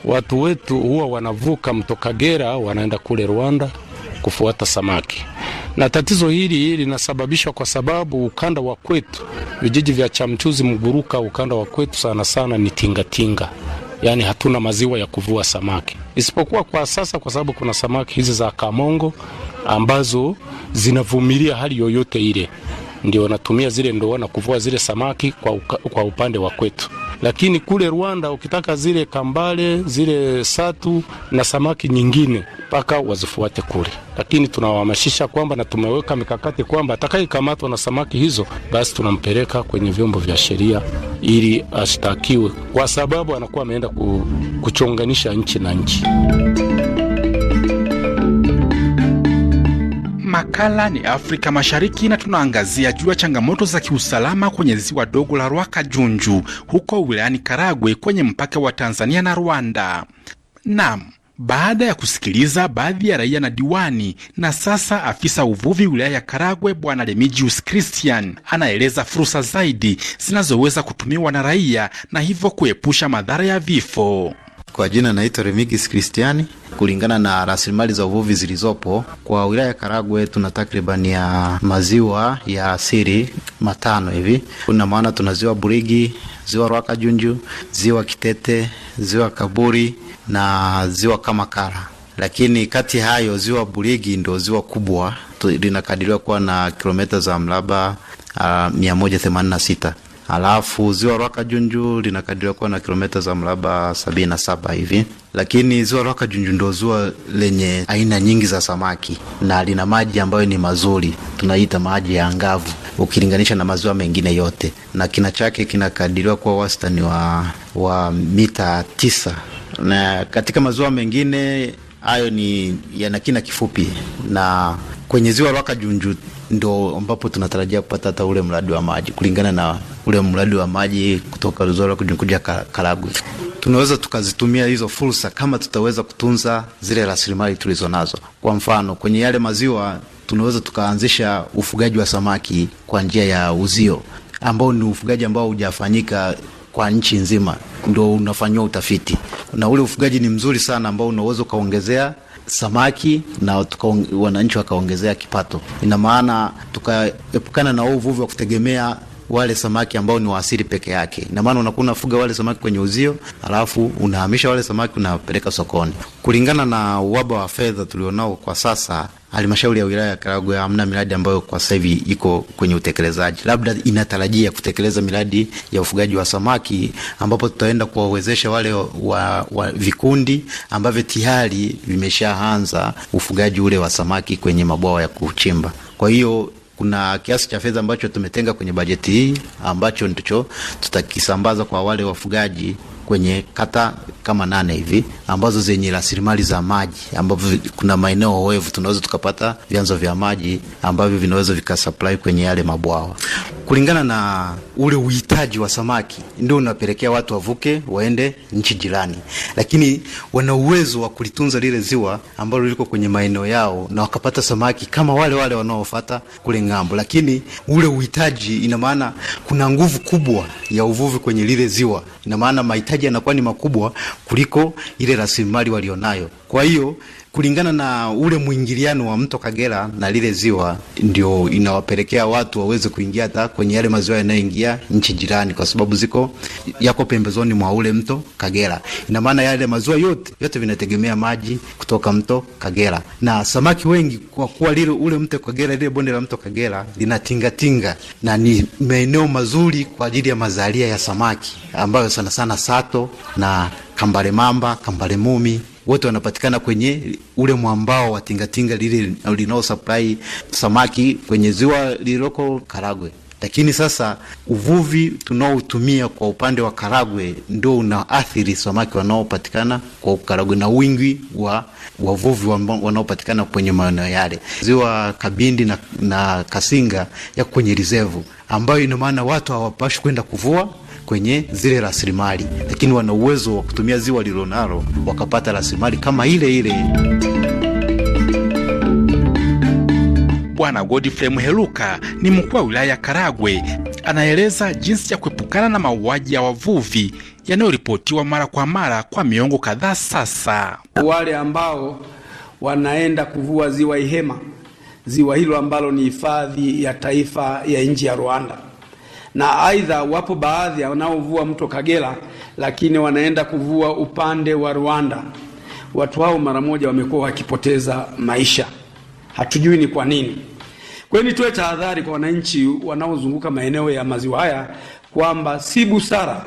Speaker 6: watu wetu huwa wanavuka mto Kagera wanaenda kule Rwanda kufuata samaki, na tatizo hili linasababishwa kwa sababu ukanda wa kwetu vijiji vya Chamchuzi, Mguruka, ukanda wa kwetu sana sana ni tingatinga Yaani hatuna maziwa ya kuvua samaki, isipokuwa kwa sasa, kwa sababu kuna samaki hizi za Kamongo ambazo zinavumilia hali yoyote ile ndio wanatumia zile ndoa na kuvua zile samaki kwa, uka, kwa upande wa kwetu, lakini kule Rwanda ukitaka zile kambale zile satu na samaki nyingine mpaka wazifuate kule, lakini tunawahamasisha kwamba na tumeweka mikakati kwamba atakayekamatwa na samaki hizo basi tunampeleka kwenye vyombo vya sheria ili ashtakiwe, kwa sababu anakuwa ameenda kuchonganisha nchi na nchi.
Speaker 10: Makala ni Afrika Mashariki na tunaangazia juu ya changamoto za kiusalama kwenye ziwa dogo la rwaka junju huko wilayani Karagwe kwenye mpaka wa Tanzania na Rwanda. Naam, baada ya kusikiliza baadhi ya raia na diwani, na sasa afisa uvuvi wilaya ya Karagwe Bwana Remigius Christian anaeleza fursa zaidi zinazoweza kutumiwa na raia na hivyo kuepusha madhara ya vifo. Kwa jina naitwa Remigis Kristiani. Kulingana na
Speaker 7: rasilimali za uvuvi zilizopo kwa wilaya ya Karagwe, tuna takribani ya maziwa ya asili matano hivi. Kuna maana tuna ziwa Burigi, ziwa Junju, ziwa Kitete, ziwa Kaburi na ziwa Kamakara, lakini kati hayo ziwa Burigi ndo ziwa kubwa, linakadiriwa kuwa na kilomita za mraba uh, ah, 186 Alafu ziwa rwaka junju linakadiriwa kuwa na kilomita za mraba sabini na saba hivi, lakini ziwa rwaka junju ndio ziwa lenye aina nyingi za samaki na lina maji ambayo ni mazuri, tunaita maji ya angavu ukilinganisha na maziwa mengine yote, na kina chake kinakadiriwa kuwa wastani wa, wa mita tisa na katika maziwa mengine hayo ni yana kina kifupi, na kwenye ziwa rwaka junju ndo ambapo tunatarajia kupata hata ule mradi wa maji kulingana na ule mradi wa maji kutoka Ruzora kuja Karagwe. Tunaweza tukazitumia hizo fursa kama tutaweza kutunza zile rasilimali tulizo nazo. Kwa mfano, kwenye yale maziwa tunaweza tukaanzisha ufugaji wa samaki kwa njia ya uzio, ambao ni ufugaji ambao hujafanyika kwa nchi nzima, ndo unafanyiwa utafiti, na ule ufugaji ni mzuri sana, ambao unaweza ukaongezea samaki na wananchi wakaongezea kipato. Ina maana tukaepukana na uvuvi wa kutegemea wale samaki ambao ni waasili peke yake. Ina maana unakuwa unafuga wale samaki kwenye uzio, alafu unahamisha wale samaki unapeleka sokoni. Kulingana na uhaba wa fedha tulionao kwa sasa, Halmashauri ya wilaya ya Karagwe hamna miradi ambayo kwa sasa hivi iko kwenye utekelezaji, labda inatarajia kutekeleza miradi ya ufugaji wa samaki, ambapo tutaenda kuwawezesha wale wa, wa vikundi ambavyo tayari vimeshaanza ufugaji ule wa samaki kwenye mabwawa ya kuchimba. Kwa hiyo kuna kiasi cha fedha ambacho tumetenga kwenye bajeti hii ambacho ndicho tutakisambaza kwa wale wafugaji kwenye kata kama nane hivi ambazo zenye rasilimali za maji, ambavyo kuna maeneo oevu, tunaweza tukapata vyanzo vya maji ambavyo vinaweza vikasupply kwenye yale mabwawa. Kulingana na ule uhitaji wa samaki, ndio unapelekea watu wavuke waende nchi jirani, lakini wana uwezo wa kulitunza lile ziwa ambalo liko kwenye maeneo yao na wakapata samaki kama wale wale wanaofata kule ng'ambo, lakini ule uhitaji, ina maana kuna nguvu kubwa ya uvuvi kwenye lile ziwa, ina maana mahitaji mahitaji yanakuwa ni makubwa kuliko ile rasilimali walionayo. Kwa hiyo kulingana na ule mwingiliano wa mto Kagera na lile ziwa, ndio inawapelekea watu waweze kuingia hata kwenye yale maziwa yanayoingia nchi jirani, kwa sababu ziko yako pembezoni mwa ule mto Kagera. Ina maana yale maziwa yote yote vinategemea maji kutoka mto Kagera, na samaki wengi kwa kuwa lile ule mto Kagera, lile bonde la mto Kagera linatingatinga na ni maeneo mazuri kwa ajili ya mazalia ya samaki ambayo sana sana sato na kambale mamba, kambale mumi wote wanapatikana kwenye ule mwambao wa tingatinga lile linao supply samaki kwenye ziwa lililoko Karagwe. Lakini sasa uvuvi tunaotumia kwa upande wa Karagwe ndio unaathiri samaki wanaopatikana kwa Karagwe na wingi wa wavuvi wanaopatikana kwenye maeneo yale, ziwa Kabindi na, na Kasinga ya kwenye reserve, ambayo ina maana watu hawapashi kwenda kuvua kwenye zile rasilimali, lakini wana uwezo wa kutumia ziwa lilonalo wakapata rasilimali kama ile ile.
Speaker 10: Bwana Godfrey mheruka ni mkuu wa wilaya ya Karagwe, anaeleza jinsi ya kuepukana na mauaji ya wavuvi yanayoripotiwa mara kwa mara kwa miongo kadhaa sasa.
Speaker 3: Wale ambao wanaenda kuvua ziwa Ihema, ziwa hilo ambalo ni hifadhi ya taifa ya nchi ya Rwanda, na aidha, wapo baadhi wanaovua mto Kagera, lakini wanaenda kuvua upande wa Rwanda. Watu hao mara moja wamekuwa wakipoteza maisha, hatujui ni kwa nini. Kwa hiyo nitoe tahadhari kwa wananchi wanaozunguka maeneo ya maziwa haya kwamba si busara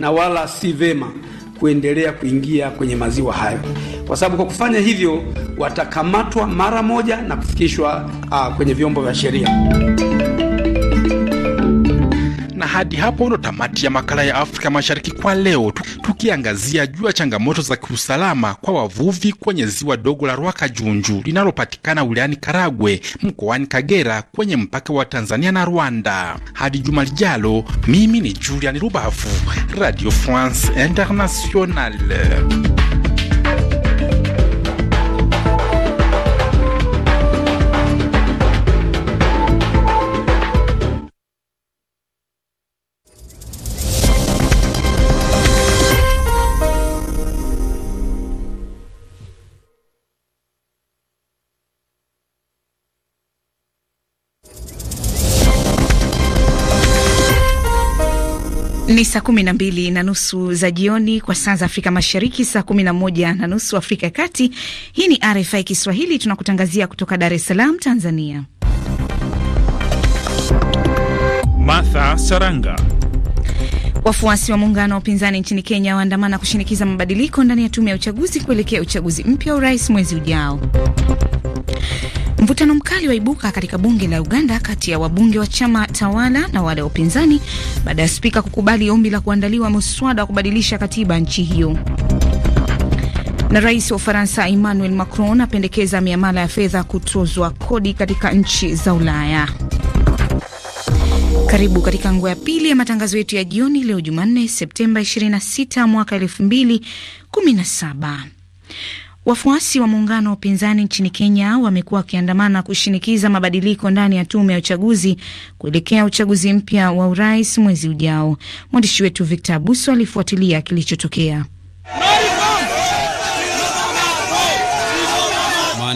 Speaker 3: na wala si vema kuendelea kuingia kwenye maziwa hayo, kwa sababu kwa kufanya hivyo
Speaker 10: watakamatwa mara moja na kufikishwa uh, kwenye vyombo vya sheria. Na hadi hapo ndo tamati ya makala ya Afrika Mashariki kwa leo, tukiangazia juu ya changamoto za kiusalama kwa wavuvi kwenye ziwa dogo la Junju linalopatikana wilayani Karagwe mkoani Kagera kwenye mpaka wa Tanzania na Rwanda. Hadi juma lijalo, mimi ni Julian Rubavu, Radio France Internationale.
Speaker 1: Ni saa kumi na mbili na nusu za jioni kwa saa za Afrika Mashariki, saa kumi na moja na nusu Afrika ya Kati. Hii ni RFI Kiswahili, tunakutangazia kutoka Dar es Salaam, Tanzania.
Speaker 2: Martha Saranga.
Speaker 1: Wafuasi wa muungano wa upinzani nchini Kenya waandamana kushinikiza mabadiliko ndani ya tume ya uchaguzi kuelekea uchaguzi mpya wa urais mwezi ujao. Mvutano mkali waibuka katika bunge la Uganda kati ya wabunge wa chama tawala na wale wa upinzani baada ya spika kukubali ombi la kuandaliwa muswada wa kubadilisha katiba nchi hiyo. Na rais wa Ufaransa Emmanuel Macron apendekeza miamala ya fedha kutozwa kodi katika nchi za Ulaya. Karibu katika nguo ya pili ya matangazo yetu ya jioni leo Jumanne, Septemba 26 mwaka 2017. Wafuasi wa muungano wa upinzani nchini Kenya wamekuwa wakiandamana kushinikiza mabadiliko ndani ya tume ya uchaguzi kuelekea uchaguzi mpya wa urais mwezi ujao. Mwandishi wetu Victor Abuso alifuatilia kilichotokea.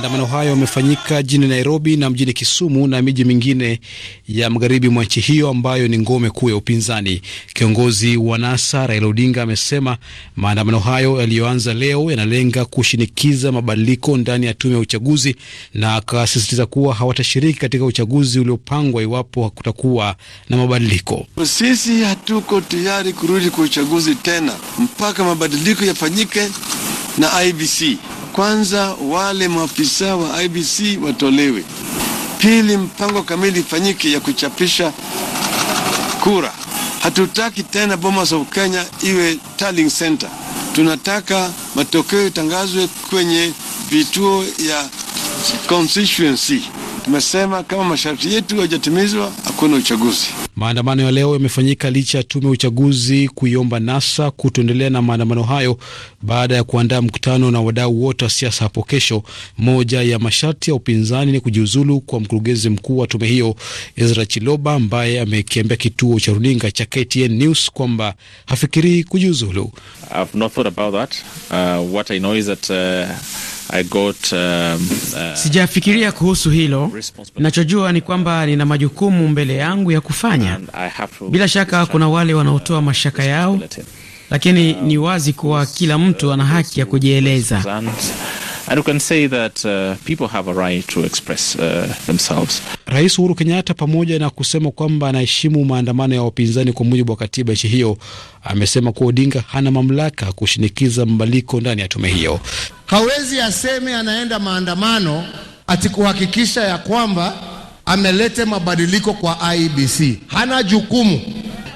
Speaker 3: Maandamano hayo yamefanyika jini Nairobi na mjini Kisumu na miji mingine ya magharibi mwa nchi hiyo ambayo ni ngome kuu ya upinzani. Kiongozi wa NASA Raila Odinga amesema maandamano hayo yaliyoanza leo yanalenga kushinikiza mabadiliko ndani ya tume ya uchaguzi, na akasisitiza kuwa hawatashiriki katika uchaguzi uliopangwa iwapo hakutakuwa na mabadiliko.
Speaker 4: Sisi hatuko tayari kurudi kwa uchaguzi tena mpaka mabadiliko yafanyike na IBC. Kwanza wale maafisa wa IBC watolewe. Pili, mpango kamili ifanyike ya kuchapisha kura. Hatutaki tena Bomas of Kenya iwe tallying center. Tunataka matokeo itangazwe kwenye vituo ya constituency. Tumesema kama masharti yetu hayajatimizwa hakuna uchaguzi.
Speaker 3: Maandamano ya leo yamefanyika licha ya tume ya uchaguzi kuiomba NASA kutoendelea na maandamano hayo baada ya kuandaa mkutano na wadau wote wa siasa hapo kesho. Moja ya masharti ya upinzani ni kujiuzulu kwa mkurugenzi mkuu wa tume hiyo Ezra Chiloba, ambaye amekiambia kituo cha runinga cha KTN News kwamba hafikirii kujiuzulu.
Speaker 2: I got, um, uh,
Speaker 5: sijafikiria kuhusu hilo. Nachojua ni kwamba nina majukumu mbele yangu ya kufanya. Bila shaka kuna wale wanaotoa mashaka yao, lakini ni wazi kuwa kila mtu ana haki ya kujieleza.
Speaker 6: That, uh, right express, uh,
Speaker 5: Rais Uhuru Kenyatta pamoja na
Speaker 3: kusema kwamba anaheshimu maandamano ya wapinzani kwa mujibu wa katiba nchi hiyo, amesema kuwa Odinga hana mamlaka kushinikiza mabadiliko ndani ya tume hiyo.
Speaker 7: Hawezi aseme anaenda maandamano ati kuhakikisha ya kwamba amelete mabadiliko kwa IBC, hana jukumu.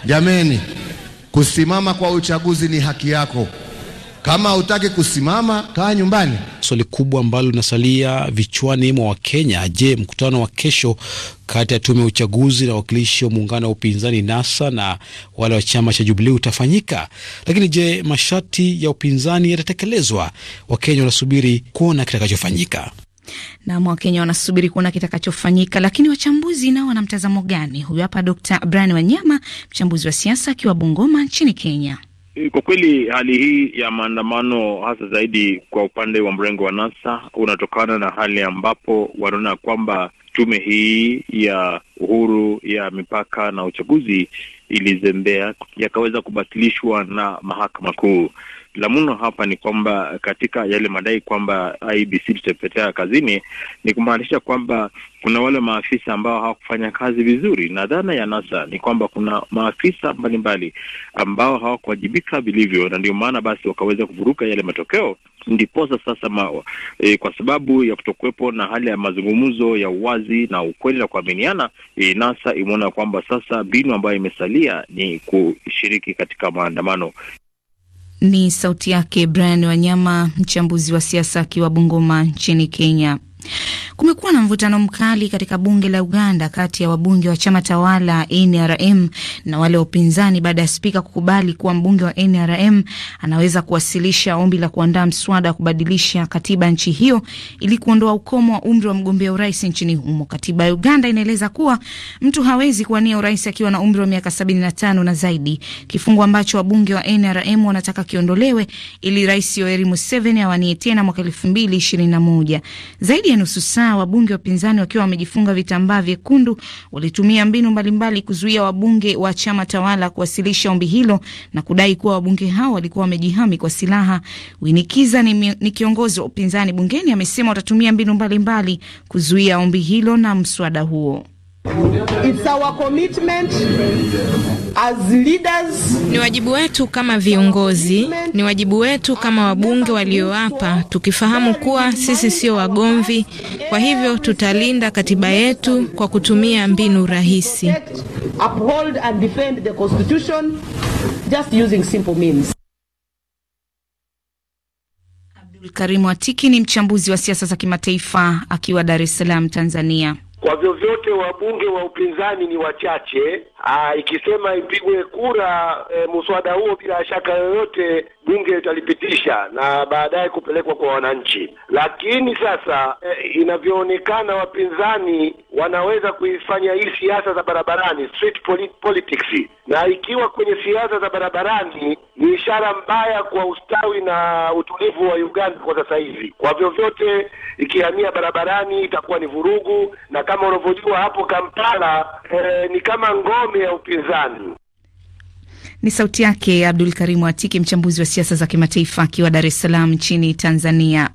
Speaker 7: Jameni, kusimama kwa uchaguzi
Speaker 3: ni haki yako. Kama hutaki kusimama, kaa nyumbani. Swali kubwa ambalo linasalia vichwani mwa Wakenya: je, mkutano wa kesho kati ya tume ya uchaguzi na wakilishi wa muungano wa upinzani NASA na wale wa chama cha Jubilii utafanyika? Lakini je, masharti ya upinzani yatatekelezwa? Wakenya wanasubiri kuona kitakachofanyika.
Speaker 1: Nam, Wakenya wanasubiri kuona kitakachofanyika, lakini wachambuzi nao wana mtazamo gani? Huyu hapa Dr Brian Wanyama, mchambuzi wa siasa akiwa Bungoma nchini Kenya.
Speaker 2: Kwa kweli hali hii ya maandamano hasa zaidi kwa upande wa mrengo wa NASA unatokana na hali ambapo wanaona kwamba tume hii ya uhuru ya mipaka na uchaguzi ilizembea, yakaweza kubatilishwa na mahakama kuu. La muno hapa ni kwamba katika yale madai kwamba IBC tutapetea kazini, ni kumaanisha kwamba kuna wale maafisa ambao hawakufanya kazi vizuri, na dhana ya NASA ni kwamba kuna maafisa mbalimbali ambao hawakuwajibika vilivyo, na ndio maana basi wakaweza kuvuruka yale matokeo ndiposa sasa mawa, e, kwa sababu ya kutokuwepo na hali ya mazungumzo ya uwazi na ukweli na kuaminiana, e, NASA imeona kwamba sasa mbinu ambayo imesalia ni kushiriki katika maandamano.
Speaker 1: Ni sauti yake Brian Wanyama, mchambuzi wa siasa akiwa Bungoma nchini Kenya. Kumekuwa na mvutano mkali katika bunge la Uganda kati ya wabunge wa chama tawala NRM na wale wa upinzani baada ya spika kukubali kuwa mbunge wa NRM anaweza kuwasilisha ombi la kuandaa mswada wa kubadilisha katiba nchi hiyo ili kuondoa ukomo wa umri wa mgombea urais nchini humo. Katiba ya Uganda inaeleza kuwa mtu hawezi kuwania urais akiwa na umri wa miaka 75 na zaidi, kifungu ambacho wabunge wa NRM wanataka kiondolewe ili Rais Yoweri Museveni awanie tena mwaka 2021. Zaidi ya nusu saa, wabunge wa upinzani wakiwa wamejifunga vitambaa vyekundu walitumia mbinu mbalimbali kuzuia wabunge wa chama tawala kuwasilisha ombi hilo na kudai kuwa wabunge hao walikuwa wamejihami kwa silaha. Winikiza ni, ni kiongozi wa upinzani bungeni, amesema watatumia mbinu mbalimbali kuzuia ombi hilo na mswada huo.
Speaker 8: It's our commitment as leaders. Ni wajibu wetu kama viongozi, ni wajibu wetu kama wabunge walioapa, tukifahamu kuwa sisi sio wagomvi. Kwa hivyo tutalinda katiba yetu kwa kutumia mbinu rahisi.
Speaker 1: Uphold and defend the constitution
Speaker 8: just using simple means.
Speaker 1: Abdul Karim Watiki ni mchambuzi wa siasa za kimataifa akiwa Dar es Salaam, Tanzania.
Speaker 9: Kwa vyovyote wabunge wa upinzani ni wachache Aa, ah, ikisema ipigwe kura e, muswada huo bila shaka yoyote bunge litalipitisha na baadaye kupelekwa kwa wananchi. Lakini sasa e, inavyoonekana wapinzani wanaweza kuifanya hii siasa za barabarani street politics, na ikiwa kwenye siasa za barabarani ni ishara mbaya kwa ustawi na utulivu wa Uganda kwa sasa hivi. Kwa vyovyote, ikihamia barabarani itakuwa ni vurugu, na kama unavyojua hapo Kampala e, ni kama ngome ngome ya upinzani.
Speaker 1: Ni sauti yake Abdul Karimu Atiki, mchambuzi wa siasa za kimataifa akiwa Dar es Salaam nchini Tanzania.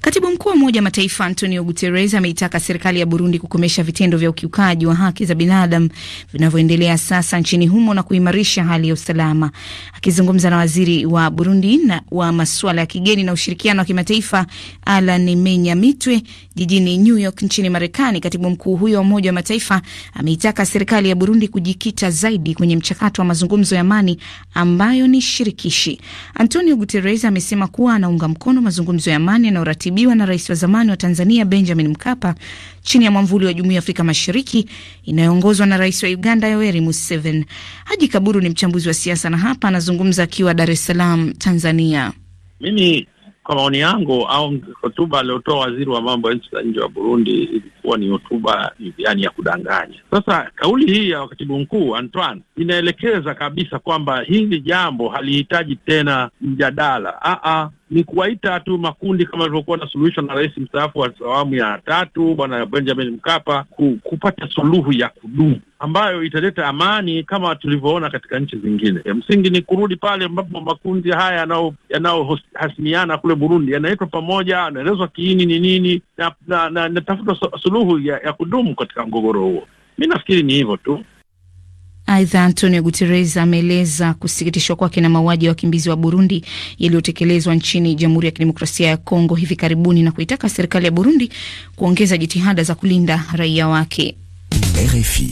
Speaker 1: Katibu mkuu wa Umoja wa Mataifa Antonio Guterres ameitaka serikali ya Burundi kukomesha vitendo vya ukiukaji wa haki za binadamu vinavyoendelea sasa nchini humo na kuimarisha hali ya usalama. Akizungumza na waziri wa Burundi na wa masuala ya kigeni na ushirikiano wa kimataifa Alan Menya Mitwe, jijini New York nchini Marekani. Katibu mkuu huyo wa Umoja wa Mataifa ameitaka serikali ya Burundi kujikita zaidi kwenye mchakato wa mazungumzo ya amani ambayo ni shirikishi. Antonio Guterres amesema kuwa anaunga mkono mazungumzo ya amani yanayoratibiwa na rais wa zamani wa Tanzania Benjamin Mkapa chini ya mwamvuli wa Jumuiya ya Afrika Mashariki inayoongozwa na rais wa Uganda Yoweri Museveni. Haji Kaburu ni mchambuzi wa siasa na hapa anazungumza akiwa Dar es Salaam, Tanzania.
Speaker 2: Mimi kwa maoni yangu, au hotuba aliotoa waziri wa mambo ya nchi za nje wa Burundi ilikuwa ni hotuba yani ya kudanganya. Sasa kauli hii ya katibu mkuu Antoine inaelekeza kabisa kwamba hili jambo halihitaji tena mjadala. A a ni kuwaita tu makundi kama alivyokuwa na suluhisho na rais mstaafu wa awamu ya tatu Bwana Benjamin Mkapa ku, kupata suluhu ya kudumu ambayo italeta amani kama tulivyoona katika nchi zingine. Ya msingi ni kurudi pale ambapo makundi haya yanayohasimiana kule Burundi yanaitwa pamoja, anaelezwa kiini ni nini, na na, na, suluhu ya, ya kudumu katika mgogoro huo. Mi nafikiri ni hivyo tu.
Speaker 1: Aidha, Antonio Guterres ameeleza kusikitishwa kwake na mauaji ya wakimbizi wa Burundi yaliyotekelezwa nchini Jamhuri ya Kidemokrasia ya Kongo hivi karibuni na kuitaka serikali ya Burundi kuongeza jitihada za kulinda raia wake.
Speaker 10: RFI.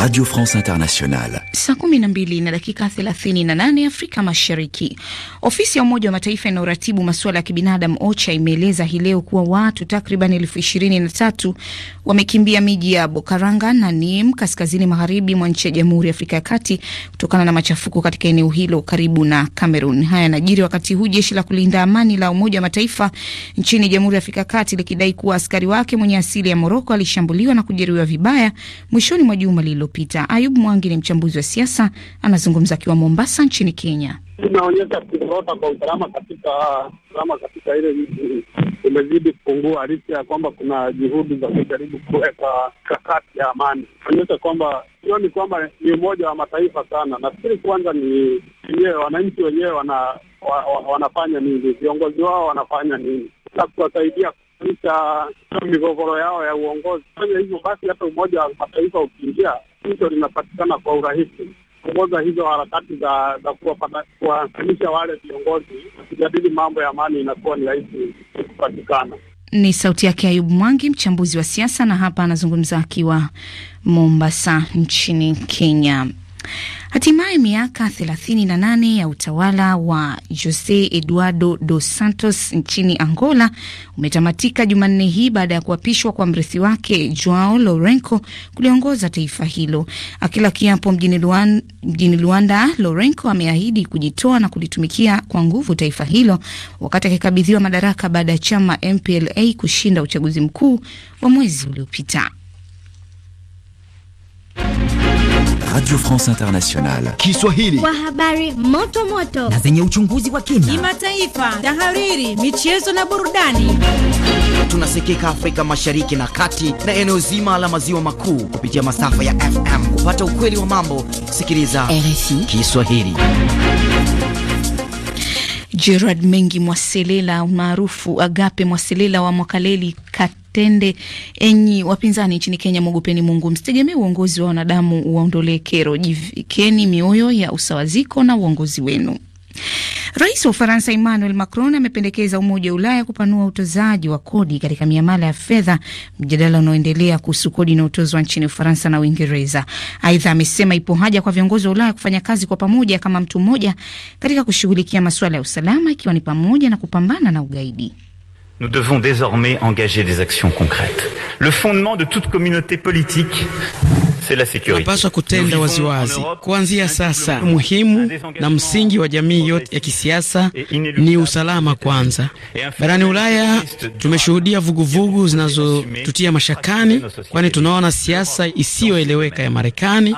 Speaker 10: Radio France Internationale.
Speaker 1: Saa kumi na mbili na dakika 38 na Afrika Mashariki. Ofisi ya Umoja wa Mataifa inayoratibu masuala ya kibinadamu OCHA imeeleza hii leo kuwa watu takriban elfu ishirini na tatu wamekimbia miji ya Bokaranga na Nim kaskazini magharibi mwa nchi ya Jamhuri ya Afrika ya Kati kutokana na machafuko katika eneo hilo karibu na Cameroon. Haya yanajiri wakati huu jeshi la kulinda amani la Umoja wa Mataifa nchini Jamhuri ya Afrika ya Kati likidai kuwa askari wake mwenye asili ya Moroko alishambuliwa na kujeruhiwa vibaya mwishoni mwa juma lilo iliyopita. Ayub Mwangi ni mchambuzi wa siasa, anazungumza akiwa Mombasa nchini Kenya.
Speaker 11: Inaonyesha kuzorota kwa usalama katika usalama katika ile nchi umezidi kupungua, licha ya kwamba kuna juhudi za kujaribu kuweka kakati ya amani. Onyesha kwamba hiyo ni kwamba ni Umoja wa Mataifa sana. Nafikiri kwanza ni wenyewe wananchi wenyewe wana, wa, wa, wanafanya nini, viongozi wao wanafanya nini na kuwasaidia kuisha migogoro yao ya uongozi. Fanya hivyo basi, hata Umoja wa Mataifa ukiingia, hicho linapatikana kwa urahisi kuongoza hizo harakati za za wale viongozi, kujadili mambo ya amani inakuwa ni rahisi kupatikana.
Speaker 1: Ni sauti yake Ayubu Mwangi, mchambuzi wa siasa, na hapa anazungumza akiwa Mombasa nchini Kenya. Hatimaye miaka 38 ya utawala wa Jose Eduardo dos Santos nchini Angola umetamatika Jumanne hii baada ya kuapishwa kwa mrithi wake Joao Lourenco kuliongoza taifa hilo. Akila kiapo mjini Luanda, mjini Luanda, Lourenco ameahidi kujitoa na kulitumikia kwa nguvu taifa hilo wakati akikabidhiwa madaraka baada ya chama MPLA kushinda uchaguzi mkuu wa mwezi uliopita.
Speaker 10: Radio France
Speaker 7: Internationale Kiswahili kwa
Speaker 8: habari moto moto
Speaker 1: na
Speaker 7: zenye uchunguzi wa kina,
Speaker 8: kimataifa, tahariri, michezo na burudani.
Speaker 7: Tunasikika Afrika Mashariki
Speaker 5: na Kati na eneo zima la maziwa makuu kupitia masafa ya FM. Kupata ukweli wa mambo, sikiliza RFI Kiswahili.
Speaker 1: Gerard Mengi Mwaselela maarufu Agape Mwaselela wa Mwakaleli Kati Tende. Enyi wapinzani nchini Kenya, mwogopeni Mungu, msitegemee uongozi wa wanadamu, uwaondolee kero. Jivikeni mioyo ya usawaziko na uongozi wenu. Rais wa Ufaransa Emmanuel Macron amependekeza Umoja wa Ulaya kupanua utozaji wa kodi katika miamala ya fedha, mjadala unaoendelea kuhusu kodi inayotozwa nchini Ufaransa na Uingereza. Aidha, amesema ipo haja kwa viongozi wa Ulaya kufanya kazi kwa pamoja kama mtu mmoja katika kushughulikia masuala ya usalama, ikiwa ni pamoja na kupambana na ugaidi.
Speaker 12: Nous devons désormais engager des actions concrètes. Le fondement de toute communauté politique tunapaswa kutenda waziwazi
Speaker 5: kuanzia sasa. Muhimu na msingi wa jamii yote ya kisiasa ni usalama kwanza. Barani Ulaya tumeshuhudia vuguvugu zinazotutia mashakani, kwani tunaona siasa isiyoeleweka ya Marekani,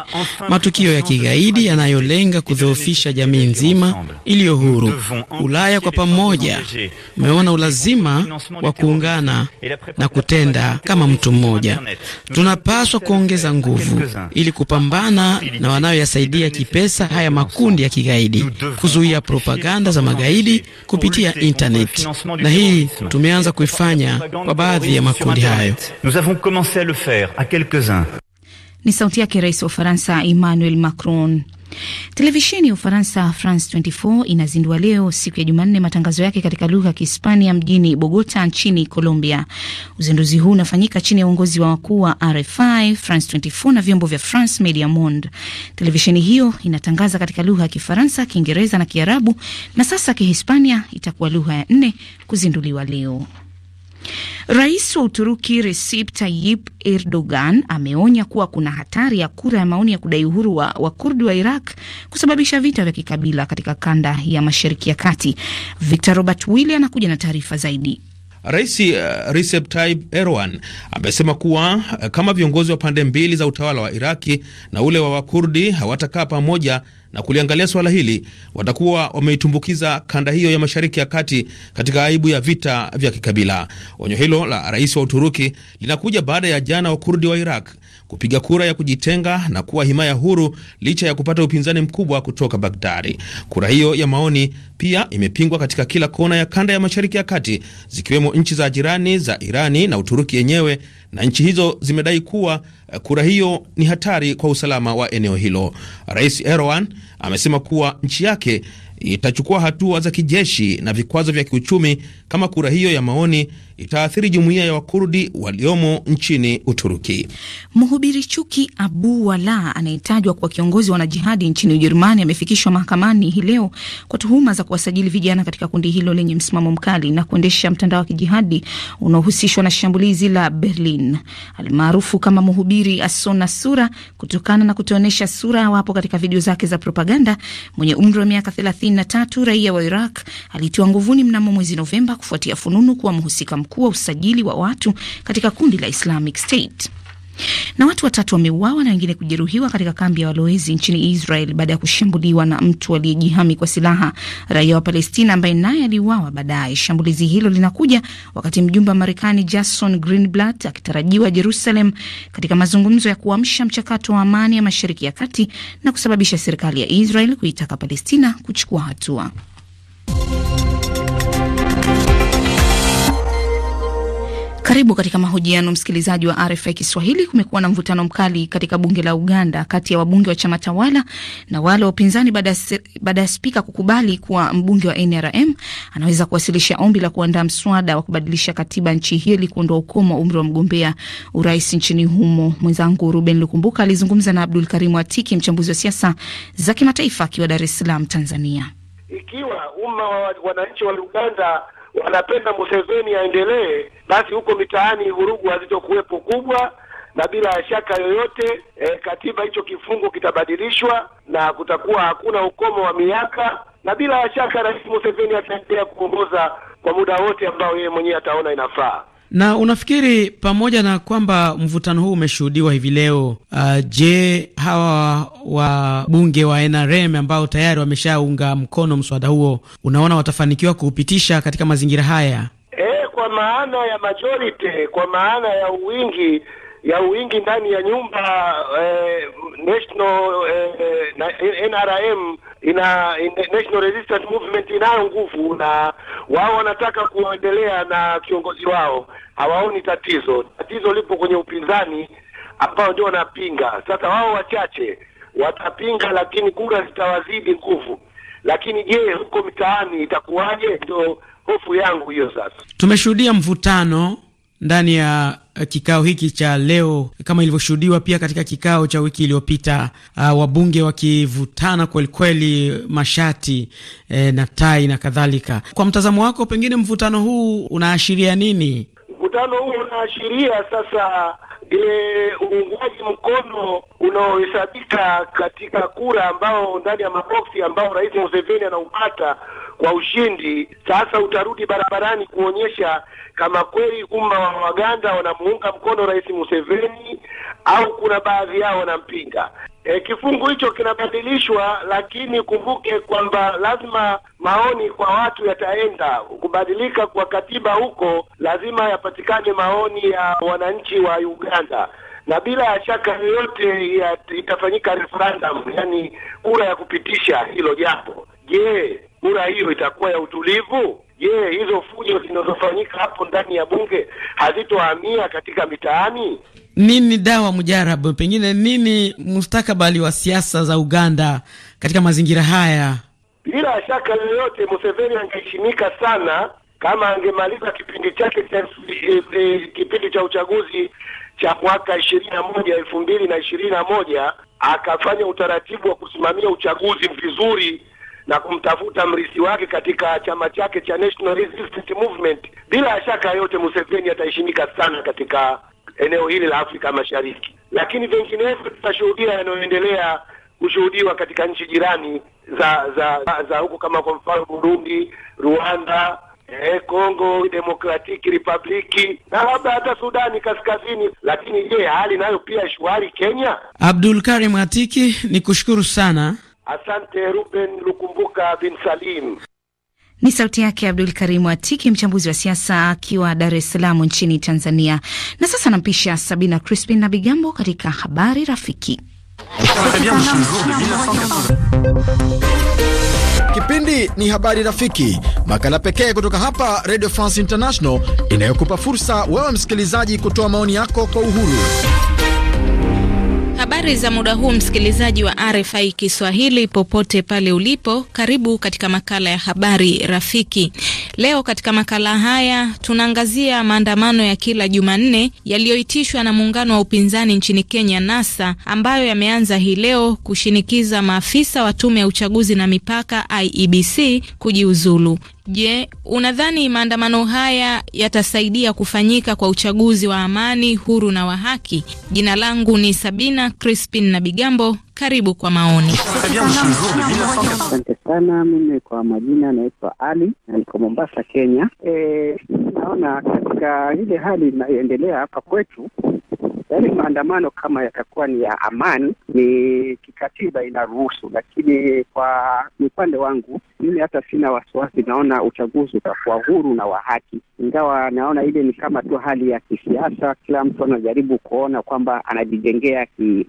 Speaker 5: matukio ya kigaidi yanayolenga kudhoofisha jamii nzima iliyo huru. Ulaya kwa pamoja umeona ulazima wa kuungana na kutenda kama mtu mmoja. Tunapaswa kuongeza nguvu ili kupambana na wanayoyasaidia kipesa haya makundi ya kigaidi, kuzuia propaganda za magaidi kupitia intaneti, na hii tumeanza kuifanya kwa baadhi ya makundi hayo.
Speaker 1: Ni sauti yake rais wa Ufaransa Emmanuel Macron. Televisheni ya Ufaransa France 24 inazindua leo siku ya Jumanne matangazo yake katika lugha ya Kihispania mjini Bogota nchini Colombia. Uzinduzi huu unafanyika chini ya uongozi wa wakuu wa RFI, France 24 na vyombo vya France Media Monde. Televisheni hiyo inatangaza katika lugha ya Kifaransa, Kiingereza na Kiarabu, na sasa Kihispania itakuwa lugha ya nne kuzinduliwa leo. Rais wa Uturuki Recep Tayyip Erdogan ameonya kuwa kuna hatari ya kura ya maoni ya kudai uhuru wa Wakurdi wa Iraq kusababisha vita vya kikabila katika kanda ya Mashariki ya Kati. Victor Robert Willi anakuja na taarifa zaidi.
Speaker 3: Rais uh, Recep Tayyip Erdogan amesema kuwa uh, kama viongozi wa pande mbili za utawala wa Iraki na ule wa Wakurdi hawatakaa pamoja na kuliangalia suala hili watakuwa wameitumbukiza kanda hiyo ya Mashariki ya Kati katika aibu ya vita vya kikabila. Onyo hilo la rais wa Uturuki linakuja baada ya jana Wakurdi wa Iraq kupiga kura ya kujitenga na kuwa himaya huru licha ya kupata upinzani mkubwa kutoka Bagdadi. Kura hiyo ya maoni pia imepingwa katika kila kona ya kanda ya Mashariki ya Kati, zikiwemo nchi za jirani za Irani na Uturuki yenyewe, na nchi hizo zimedai kuwa eh, kura hiyo ni hatari kwa usalama wa eneo hilo. Rais Erdogan amesema kuwa nchi yake itachukua hatua za kijeshi na vikwazo vya kiuchumi kama kura hiyo ya maoni itaathiri jumuiya ya Wakurdi waliomo nchini Uturuki.
Speaker 1: Mhubiri chuki Abu Wala anayetajwa kuwa kiongozi wa wanajihadi nchini Ujerumani amefikishwa mahakamani hii leo kwa tuhuma za kuwasajili vijana katika kundi hilo lenye msimamo mkali na kuendesha mtandao wa kijihadi unaohusishwa na shambulizi la Berlin, almaarufu kama mhubiri asona sura, kutokana na kutoonyesha sura awapo katika video zake za propaganda. Mwenye umri wa miaka 33, raia wa Iraq alitiwa nguvuni mnamo mwezi Novemba kufuatia fununu kuwa mhusika mkuu wa usajili wa watu katika kundi la Islamic State na watu watatu wameuawa na wengine kujeruhiwa katika kambi ya walowezi nchini Israel baada ya kushambuliwa na mtu aliyejihami kwa silaha, raia wa Palestina ambaye naye aliuawa baadaye. Shambulizi hilo linakuja wakati mjumbe wa Marekani Jason Greenblatt akitarajiwa Jerusalem katika mazungumzo ya kuamsha mchakato wa amani ya Mashariki ya Kati na kusababisha serikali ya Israel kuitaka Palestina kuchukua hatua. Karibu katika mahojiano, msikilizaji wa RFI Kiswahili. Kumekuwa na mvutano mkali katika bunge la Uganda kati ya wabunge wa chama tawala na wale wa upinzani baada ya spika kukubali kuwa mbunge wa NRM anaweza kuwasilisha ombi la kuandaa mswada wa kubadilisha katiba nchi hiyo ili kuondoa ukomo wa umri wa mgombea urais nchini humo. Mwenzangu Ruben Lukumbuka alizungumza na Abdul Karimu Atiki, mchambuzi wa siasa za kimataifa, akiwa Dar es Salaam, Tanzania.
Speaker 9: Ikiwa umma wa wananchi wa Uganda wanapenda Museveni aendelee, basi huko mitaani vurugu hazitokuwepo kubwa, na bila shaka yoyote e, katiba hicho kifungu kitabadilishwa na kutakuwa hakuna ukomo wa miaka, na bila shaka Rais Museveni ataendelea kuongoza kwa muda wote ambao yeye mwenyewe ataona inafaa.
Speaker 5: Na unafikiri pamoja na kwamba mvutano huu umeshuhudiwa hivi leo, uh, je, hawa wabunge wa NRM ambao tayari wameshaunga mkono mswada huo, unaona watafanikiwa kuupitisha katika mazingira haya?
Speaker 9: E, kwa maana ya majority, kwa maana ya uwingi ya wingi ndani ya nyumba eh, national eh, na, NRM ina, National Resistance Movement inayo nguvu, na wao wanataka kuendelea na kiongozi wao, hawaoni tatizo. Tatizo lipo kwenye upinzani ambao ndio wanapinga. Sasa wao wachache watapinga, lakini kura zitawazidi nguvu. Lakini je, huko mitaani itakuwaje? Ndio hofu yangu hiyo. Sasa
Speaker 5: tumeshuhudia mvutano ndani ya eh, kikao hiki cha leo kama ilivyoshuhudiwa pia katika kikao cha wiki iliyopita, uh, wabunge wakivutana kwelikweli mashati eh, na tai na kadhalika. Kwa mtazamo wako, pengine mvutano huu unaashiria nini?
Speaker 9: mkutano huu unaashiria sasa ile uungwaji mkono unaohesabika katika kura ambao ndani ya maboksi ambao Rais Museveni anaupata kwa ushindi, sasa utarudi barabarani kuonyesha kama kweli umma wa Waganda wanamuunga mkono Rais Museveni au kuna baadhi yao wanampinga. E, kifungu hicho kinabadilishwa, lakini kumbuke kwamba lazima maoni kwa watu yataenda kubadilika kwa katiba huko, lazima yapatikane maoni ya wananchi wa Uganda na bila shaka yoyote itafanyika referendum, yani kura ya kupitisha hilo jambo. Je, kura hiyo itakuwa ya utulivu? Je, hizo fujo zinazofanyika hapo ndani ya bunge hazitohamia katika mitaani?
Speaker 5: nini dawa mujarabu, pengine nini mustakabali wa siasa za Uganda katika mazingira haya?
Speaker 9: Bila shaka yoyote, Museveni angeheshimika sana kama angemaliza kipindi chake cha eh, eh, kipindi cha uchaguzi cha mwaka ishirini na moja elfu mbili na ishirini na moja akafanya utaratibu wa kusimamia uchaguzi vizuri na kumtafuta mrisi wake katika chama chake cha National Resistance Movement. Bila shaka yote Museveni ataheshimika sana katika eneo hili la Afrika Mashariki, lakini vinginevyo tutashuhudia yanayoendelea kushuhudiwa katika nchi jirani za za za, za huko kama kwa mfano Burundi, Rwanda, Kongo eh, Congo Demokratiki Republic na labda hata Sudani Kaskazini. Lakini je, hali nayo pia shwari Kenya?
Speaker 5: Abdul Karim Atiki, ni kushukuru
Speaker 9: sana. Asante Ruben Lukumbuka bin Salim.
Speaker 1: Ni sauti yake Abdul Karimu Atiki, mchambuzi wa siasa akiwa Dar es Salaam nchini Tanzania. Na sasa nampisha Sabina Crispin na Bigambo katika habari rafiki.
Speaker 3: Kipindi ni habari rafiki, makala pekee kutoka hapa Radio France International inayokupa fursa wewe msikilizaji kutoa maoni yako kwa uhuru.
Speaker 8: Habari za muda huu, msikilizaji wa RFI Kiswahili popote pale ulipo, karibu katika makala ya habari rafiki. Leo katika makala haya tunaangazia maandamano ya kila Jumanne yaliyoitishwa na muungano wa upinzani nchini Kenya NASA, ambayo yameanza hii leo kushinikiza maafisa wa tume ya uchaguzi na mipaka IEBC kujiuzulu. Je, unadhani maandamano haya yatasaidia kufanyika kwa uchaguzi wa amani, huru na wa haki? Jina langu ni Sabina Crispin na Bigambo. Karibu kwa maoni.
Speaker 13: Asante sana. Mimi kwa majina naitwa Ali na niko Mombasa, Kenya. E, naona katika ile hali inayoendelea hapa kwetu, yaani maandamano kama yatakuwa ni ya amani, ni kikatiba inaruhusu, lakini kwa upande wangu mimi hata sina wasiwasi, naona uchaguzi utakuwa huru na wa haki, ingawa naona ile ni kama tu hali ya kisiasa, kila mtu anajaribu kuona kwamba anajijengea ki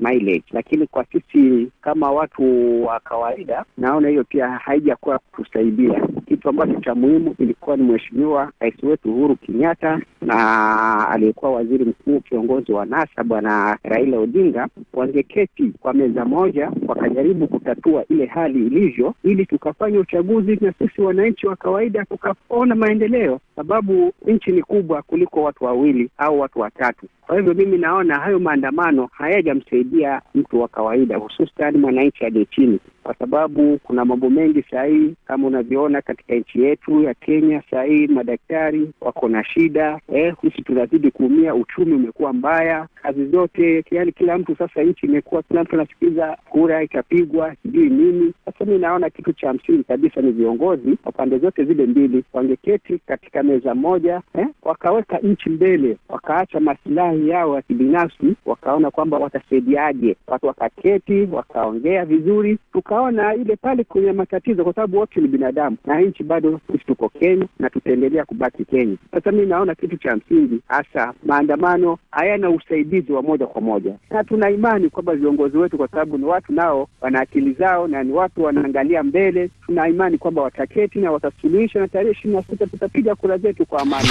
Speaker 13: Lakini kwa sisi kama watu wa kawaida, naona hiyo pia haijakuwa kusaidia kitu ambacho cha muhimu. Ilikuwa ni mheshimiwa rais wetu Uhuru Kenyatta na aliyekuwa waziri mkuu kiongozi wa NASA bwana Raila Odinga wangeketi kwa meza moja, wakajaribu kutatua ile hali ilivyo, ili tukafanya uchaguzi na sisi wananchi wa kawaida tukaona maendeleo, sababu nchi ni kubwa kuliko watu wawili au watu watatu. Kwa hivyo mimi naona hayo maandamano hayajamsaidia mtu wa kawaida, hususan mwananchi aliye chini kwa sababu kuna mambo mengi sahii kama unavyoona katika nchi yetu ya Kenya sahii madaktari wako na shida eh, sisi tunazidi kuumia, uchumi umekuwa mbaya, kazi zote, yani kila mtu sasa, nchi imekuwa kila mtu anasikiliza kura ikapigwa sijui nini. Sasa mi naona kitu cha msingi kabisa ni viongozi wa pande zote zile mbili wangeketi katika meza moja eh, wakaweka nchi mbele, wakaacha masilahi yao ya kibinafsi, wakaona kwamba watasaidiaje watu, wakaketi wakaongea vizuri tuka tukaona ile pale kwenye matatizo, kwa sababu wote ni binadamu na nchi bado sisi tuko Kenya na tutaendelea kubaki Kenya. Sasa mi naona kitu cha msingi hasa maandamano hayana usaidizi wa moja kwa moja, na tuna imani kwamba viongozi wetu, kwa sababu ni watu nao wana akili zao na ni watu wanaangalia mbele, tuna imani kwamba wataketi na watasuluhisha, na tarehe ishirini na sita tutapiga kura zetu kwa amani.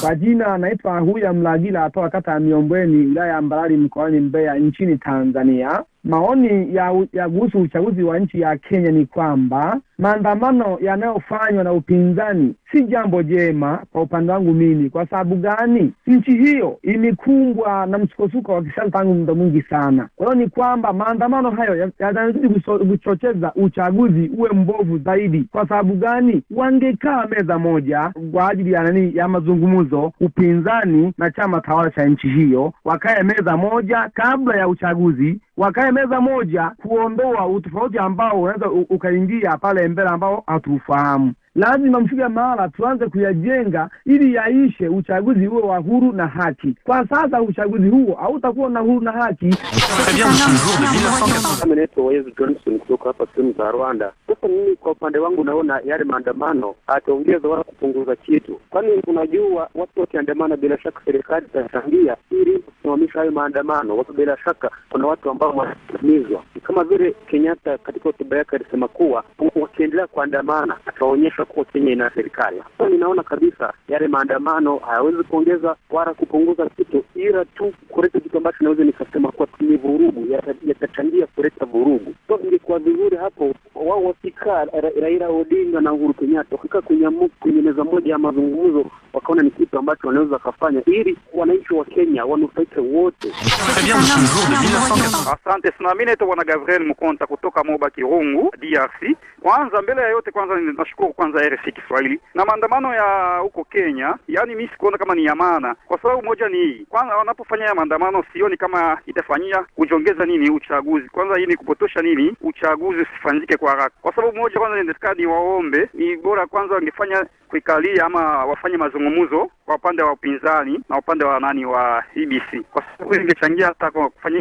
Speaker 9: Kwa jina anaitwa Huya Mlagila
Speaker 13: atoa kata ya Miombweni wilaya ya Mbarali mkoani Mbeya nchini Tanzania. Maoni
Speaker 9: ya kuhusu uchaguzi wa nchi ya Kenya ni kwamba maandamano yanayofanywa na upinzani si jambo jema kwa upande wangu mimi. Kwa sababu gani? Nchi hiyo imekumbwa na msukosuko wa kisiasa tangu muda mwingi sana. Kwa hiyo ni kwamba maandamano hayo yanazidi kuchocheza uchaguzi uwe mbovu zaidi. Kwa sababu gani? wangekaa meza moja kwa ajili ya nani, ya mazungumzo, upinzani na chama tawala cha nchi hiyo, wakae meza moja kabla ya uchaguzi wakae meza moja kuondoa utofauti ambao unaweza ukaingia pale mbele ambao hatuufahamu lazima mfike mahala tuanze kuyajenga ili yaishe, uchaguzi huo wa huru na haki. Kwa sasa uchaguzi huo hautakuwa na huru na haki.
Speaker 13: Naitwa Johnson kutoka hapa sehemu za Rwanda. Sasa mimi kwa upande wangu naona yale maandamano ataongeza wala kupunguza kitu, kwani unajua watu wakiandamana, bila shaka serikali itachangia ili kusimamisha hayo maandamano. Watu bila shaka, kuna watu ambao wanaumizwa, kama vile Kenyatta katika hotuba yake alisema kuwa wakiendelea kuandamana ataonyesha itakuwa Kenya ina serikali. So ninaona kabisa yale maandamano hayawezi kuongeza wala kupunguza kitu, ila tu kuleta kitu ambacho naweza nikasema kuwa ni vurugu, yatachangia yata kuleta vurugu. So ingekuwa vizuri hapo wao wakikaa Raila Odinga na Uhuru Kenyatta wakikaa kwenye meza moja ya mazungumzo wakaona ni kitu ambacho wanaweza wakafanya ili wananchi wa Kenya wanufaike wote. Asante sana, mimi naitwa Bwana Gabriel Mkonta kutoka Moba Kirungu, DRC. Kwanza mbele ya yote, kwanza ninashukuru kwanza RFI Kiswahili na maandamano ya huko Kenya, yani mimi sikuona kama ni ya maana, kwa sababu moja ni hii kwanza, wanapofanya maandamano sioni kama itafanyia kujongeza nini uchaguzi. Kwanza hii ni kupotosha nini uchaguzi usifanyike kwa haraka, kwa sababu moja kwanza, niwaombe ni bora kwanza wangefanya kuikalia ama wafanye mazungumzo mgumuzo kwa upande wa upinzani na upande wa nani wa IBC, e kwa sababu ingechangia hata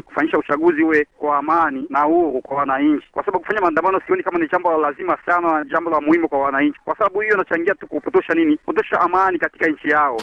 Speaker 13: kufanyisha uchaguzi uwe kwa amani na uhuru kwa wananchi, kwa sababu kufanya maandamano sioni kama ni jambo la lazima sana, jambo la muhimu kwa wananchi, kwa sababu hiyo inachangia tu kupotosha nini, kupotosha amani katika nchi yao.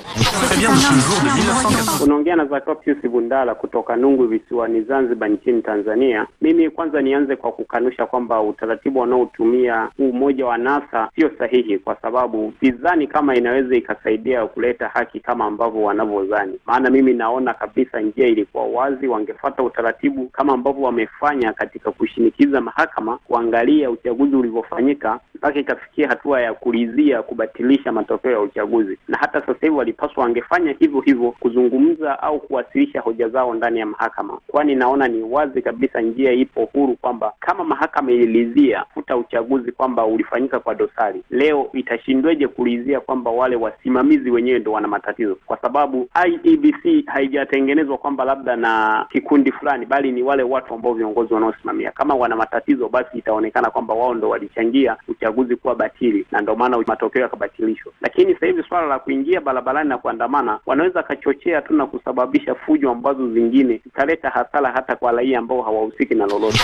Speaker 13: Unaongea na Zakopius Bundala kutoka Nungu visiwani Zanzibar nchini Tanzania. Mimi kwanza nianze kwa kukanusha kwamba utaratibu wanaotumia umoja wa NASA sio sahihi, kwa sababu sidhani kama inaweza ikasaidia njia ya kuleta haki kama ambavyo wanavyodhani. Maana mimi naona kabisa njia ilikuwa wazi, wangefata utaratibu kama ambavyo wamefanya katika kushinikiza mahakama kuangalia uchaguzi ulivyofanyika mpaka ikafikia hatua ya kulizia kubatilisha matokeo ya uchaguzi. Na hata sasa hivi walipaswa wangefanya hivyo hivyo, kuzungumza au kuwasilisha hoja zao ndani ya mahakama, kwani naona ni wazi kabisa njia ipo huru kwamba kama mahakama ililizia futa uchaguzi kwamba ulifanyika kwa dosari, leo itashindweje kulizia kwamba wale wasimamizi wasimamizi wenyewe ndo wana matatizo, kwa sababu IEBC haijatengenezwa kwamba labda na kikundi fulani, bali ni wale watu ambao viongozi wanaosimamia. Kama wana matatizo, basi itaonekana kwamba wao ndo walichangia uchaguzi kuwa batili, na ndo maana matokeo yakabatilishwa. Lakini sasa hivi swala la kuingia barabarani na kuandamana, wanaweza wakachochea tu na kusababisha fujo ambazo zingine zitaleta hasara hata kwa raia ambao hawahusiki na lolote.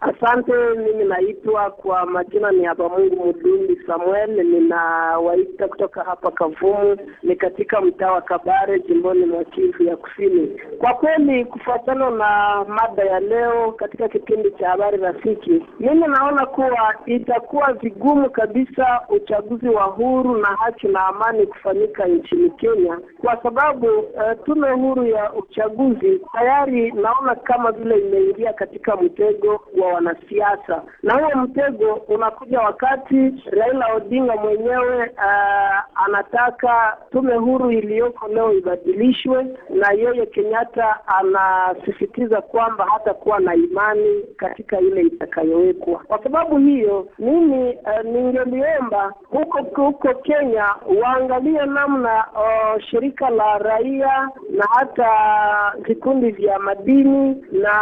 Speaker 14: Asante. Mimi naitwa kwa majina ni Habamungu Mudumbi Samuel, nina kilomita kutoka hapa Kavumu, ni katika mtaa wa Kabare, jimboni mwa Kivu ya Kusini. Kwa kweli, kufuatana na mada ya leo katika kipindi cha habari rafiki, mimi naona kuwa itakuwa vigumu kabisa uchaguzi wa huru na haki na amani kufanyika nchini Kenya kwa sababu uh, tume huru ya uchaguzi tayari naona kama vile imeingia katika mtego wa wanasiasa, na huo mtego unakuja wakati Raila Odinga mwenyewe uh, Uh, anataka tume huru iliyoko leo ibadilishwe, na yeye Kenyatta anasisitiza kwamba hata kuwa na imani katika ile itakayowekwa. Kwa sababu hiyo, mimi uh, ningeliomba huko huko Kenya waangalie namna uh, shirika la raia na hata vikundi vya madini na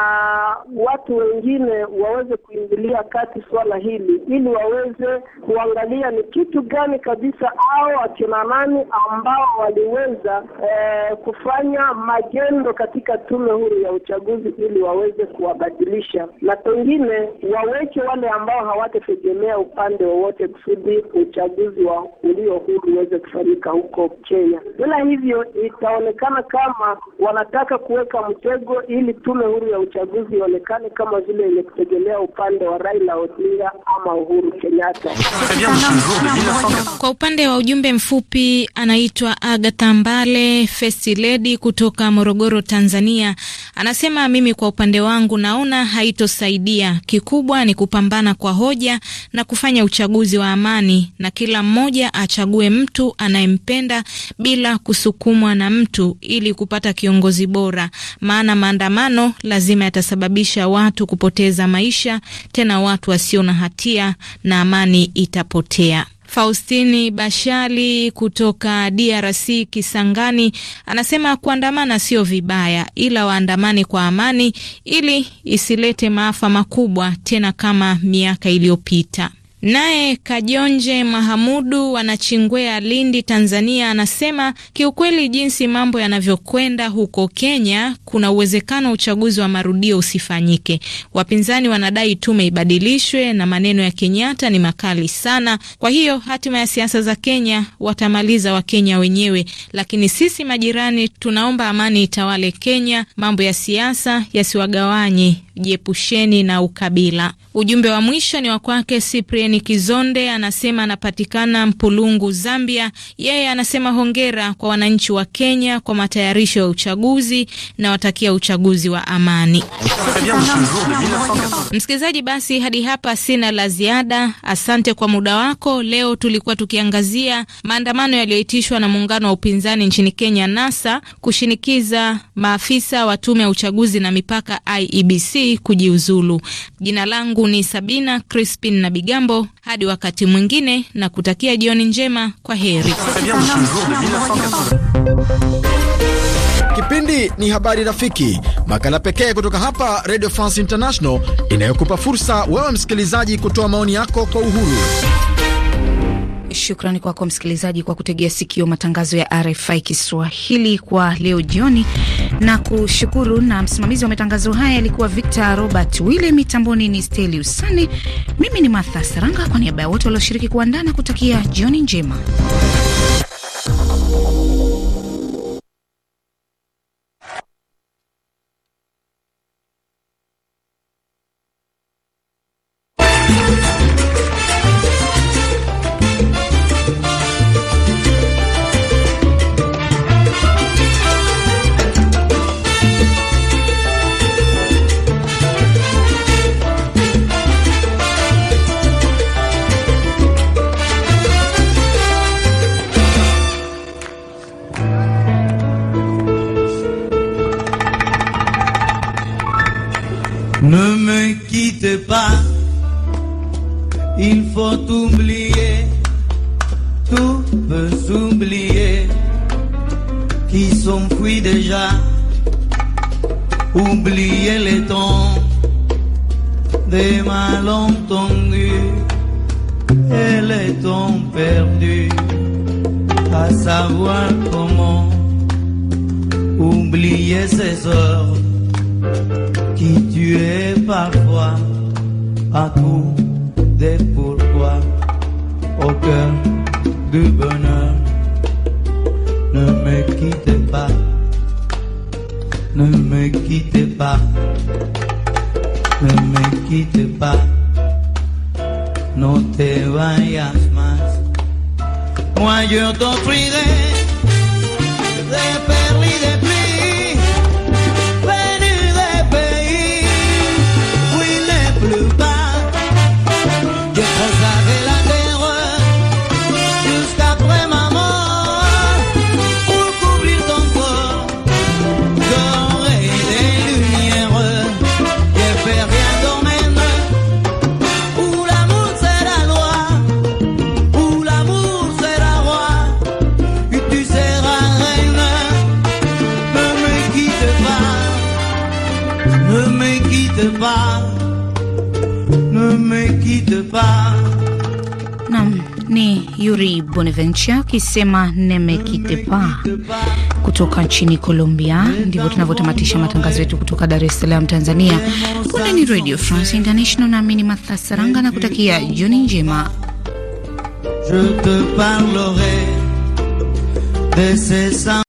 Speaker 14: watu wengine waweze kuingilia kati suala hili ili waweze kuangalia ni kitu gani kabisa au akina nani ambao waliweza eh, kufanya magendo katika tume huru ya uchaguzi ili waweze kuwabadilisha na pengine waweke wale ambao hawatategemea upande wowote kusudi uchaguzi wa ulio huru uweze kufanyika huko Kenya. Bila hivyo, itaonekana kama wanataka kuweka mtego ili tume huru ya uchaguzi ionekane kama vile yenye kutegemea upande wa Raila Odinga ama Uhuru Kenyatta.
Speaker 8: Kwa upande mwingine wa ujumbe mfupi anaitwa Agatha Mbale First Lady kutoka Morogoro, Tanzania, anasema mimi kwa upande wangu naona haitosaidia. Kikubwa ni kupambana kwa hoja na kufanya uchaguzi wa amani, na kila mmoja achague mtu anayempenda bila kusukumwa na mtu, ili kupata kiongozi bora, maana maandamano lazima yatasababisha watu kupoteza maisha, tena watu wasio na hatia, na amani itapotea. Faustini Bashali kutoka DRC Kisangani anasema kuandamana sio vibaya, ila waandamani kwa amani ili isilete maafa makubwa tena kama miaka iliyopita. Naye Kajonje Mahamudu wanachingwea Lindi, Tanzania, anasema kiukweli, jinsi mambo yanavyokwenda huko Kenya, kuna uwezekano uchaguzi wa marudio usifanyike. Wapinzani wanadai tume ibadilishwe na maneno ya Kenyatta ni makali sana. Kwa hiyo hatima ya siasa za Kenya watamaliza Wakenya wenyewe, lakini sisi majirani tunaomba amani itawale Kenya, mambo ya siasa yasiwagawanye jiepusheni na ukabila. Ujumbe wa mwisho ni wa kwake Cyprian Kizonde, anasema anapatikana Mpulungu, Zambia. Yeye anasema hongera kwa wananchi wa Kenya kwa matayarisho ya uchaguzi na watakia uchaguzi wa amani. Msikilizaji, basi hadi hapa sina la ziada. Asante kwa muda wako. Leo tulikuwa tukiangazia maandamano yaliyoitishwa na muungano wa upinzani nchini Kenya NASA kushinikiza maafisa wa tume ya uchaguzi na mipaka IEBC hii kujiuzulu. Jina langu ni Sabina Crispin na Bigambo, hadi wakati mwingine na kutakia jioni njema, kwa heri.
Speaker 3: Kipindi ni Habari Rafiki, makala pekee kutoka hapa Radio France International inayokupa fursa wewe msikilizaji kutoa maoni yako kwa uhuru.
Speaker 1: Shukrani kwako msikilizaji kwa kutegea sikio matangazo ya RFI Kiswahili kwa leo jioni, na kushukuru. Na msimamizi wa matangazo haya alikuwa Victor Robert Wille, mitamboni ni Steli Usani, mimi ni Martha Saranga, kwa niaba ya wote walioshiriki kuandaa na kutakia jioni njema.
Speaker 12: pas. Il faut oublier, tout peut s'oublier, qui s'enfuit déjà. Oublier les temps des malentendus et les temps perdus, à savoir comment oublier ces heures qui tuaient parfois. à tout des pourquoi au cœur du bonheur. Ne me quittez pas, ne me quittez pas, ne me quittez pas. No te vayas más, moi je t'offrirai des perles et des
Speaker 1: Yuri Bonaventure akisema neme kitepa kutoka nchini Colombia. Ndivyo tunavyotamatisha matangazo yetu kutoka Dar es Salaam, Tanzania. Punde ni Radio France International, naamini Matha Saranga na kutakia jioni
Speaker 11: njema.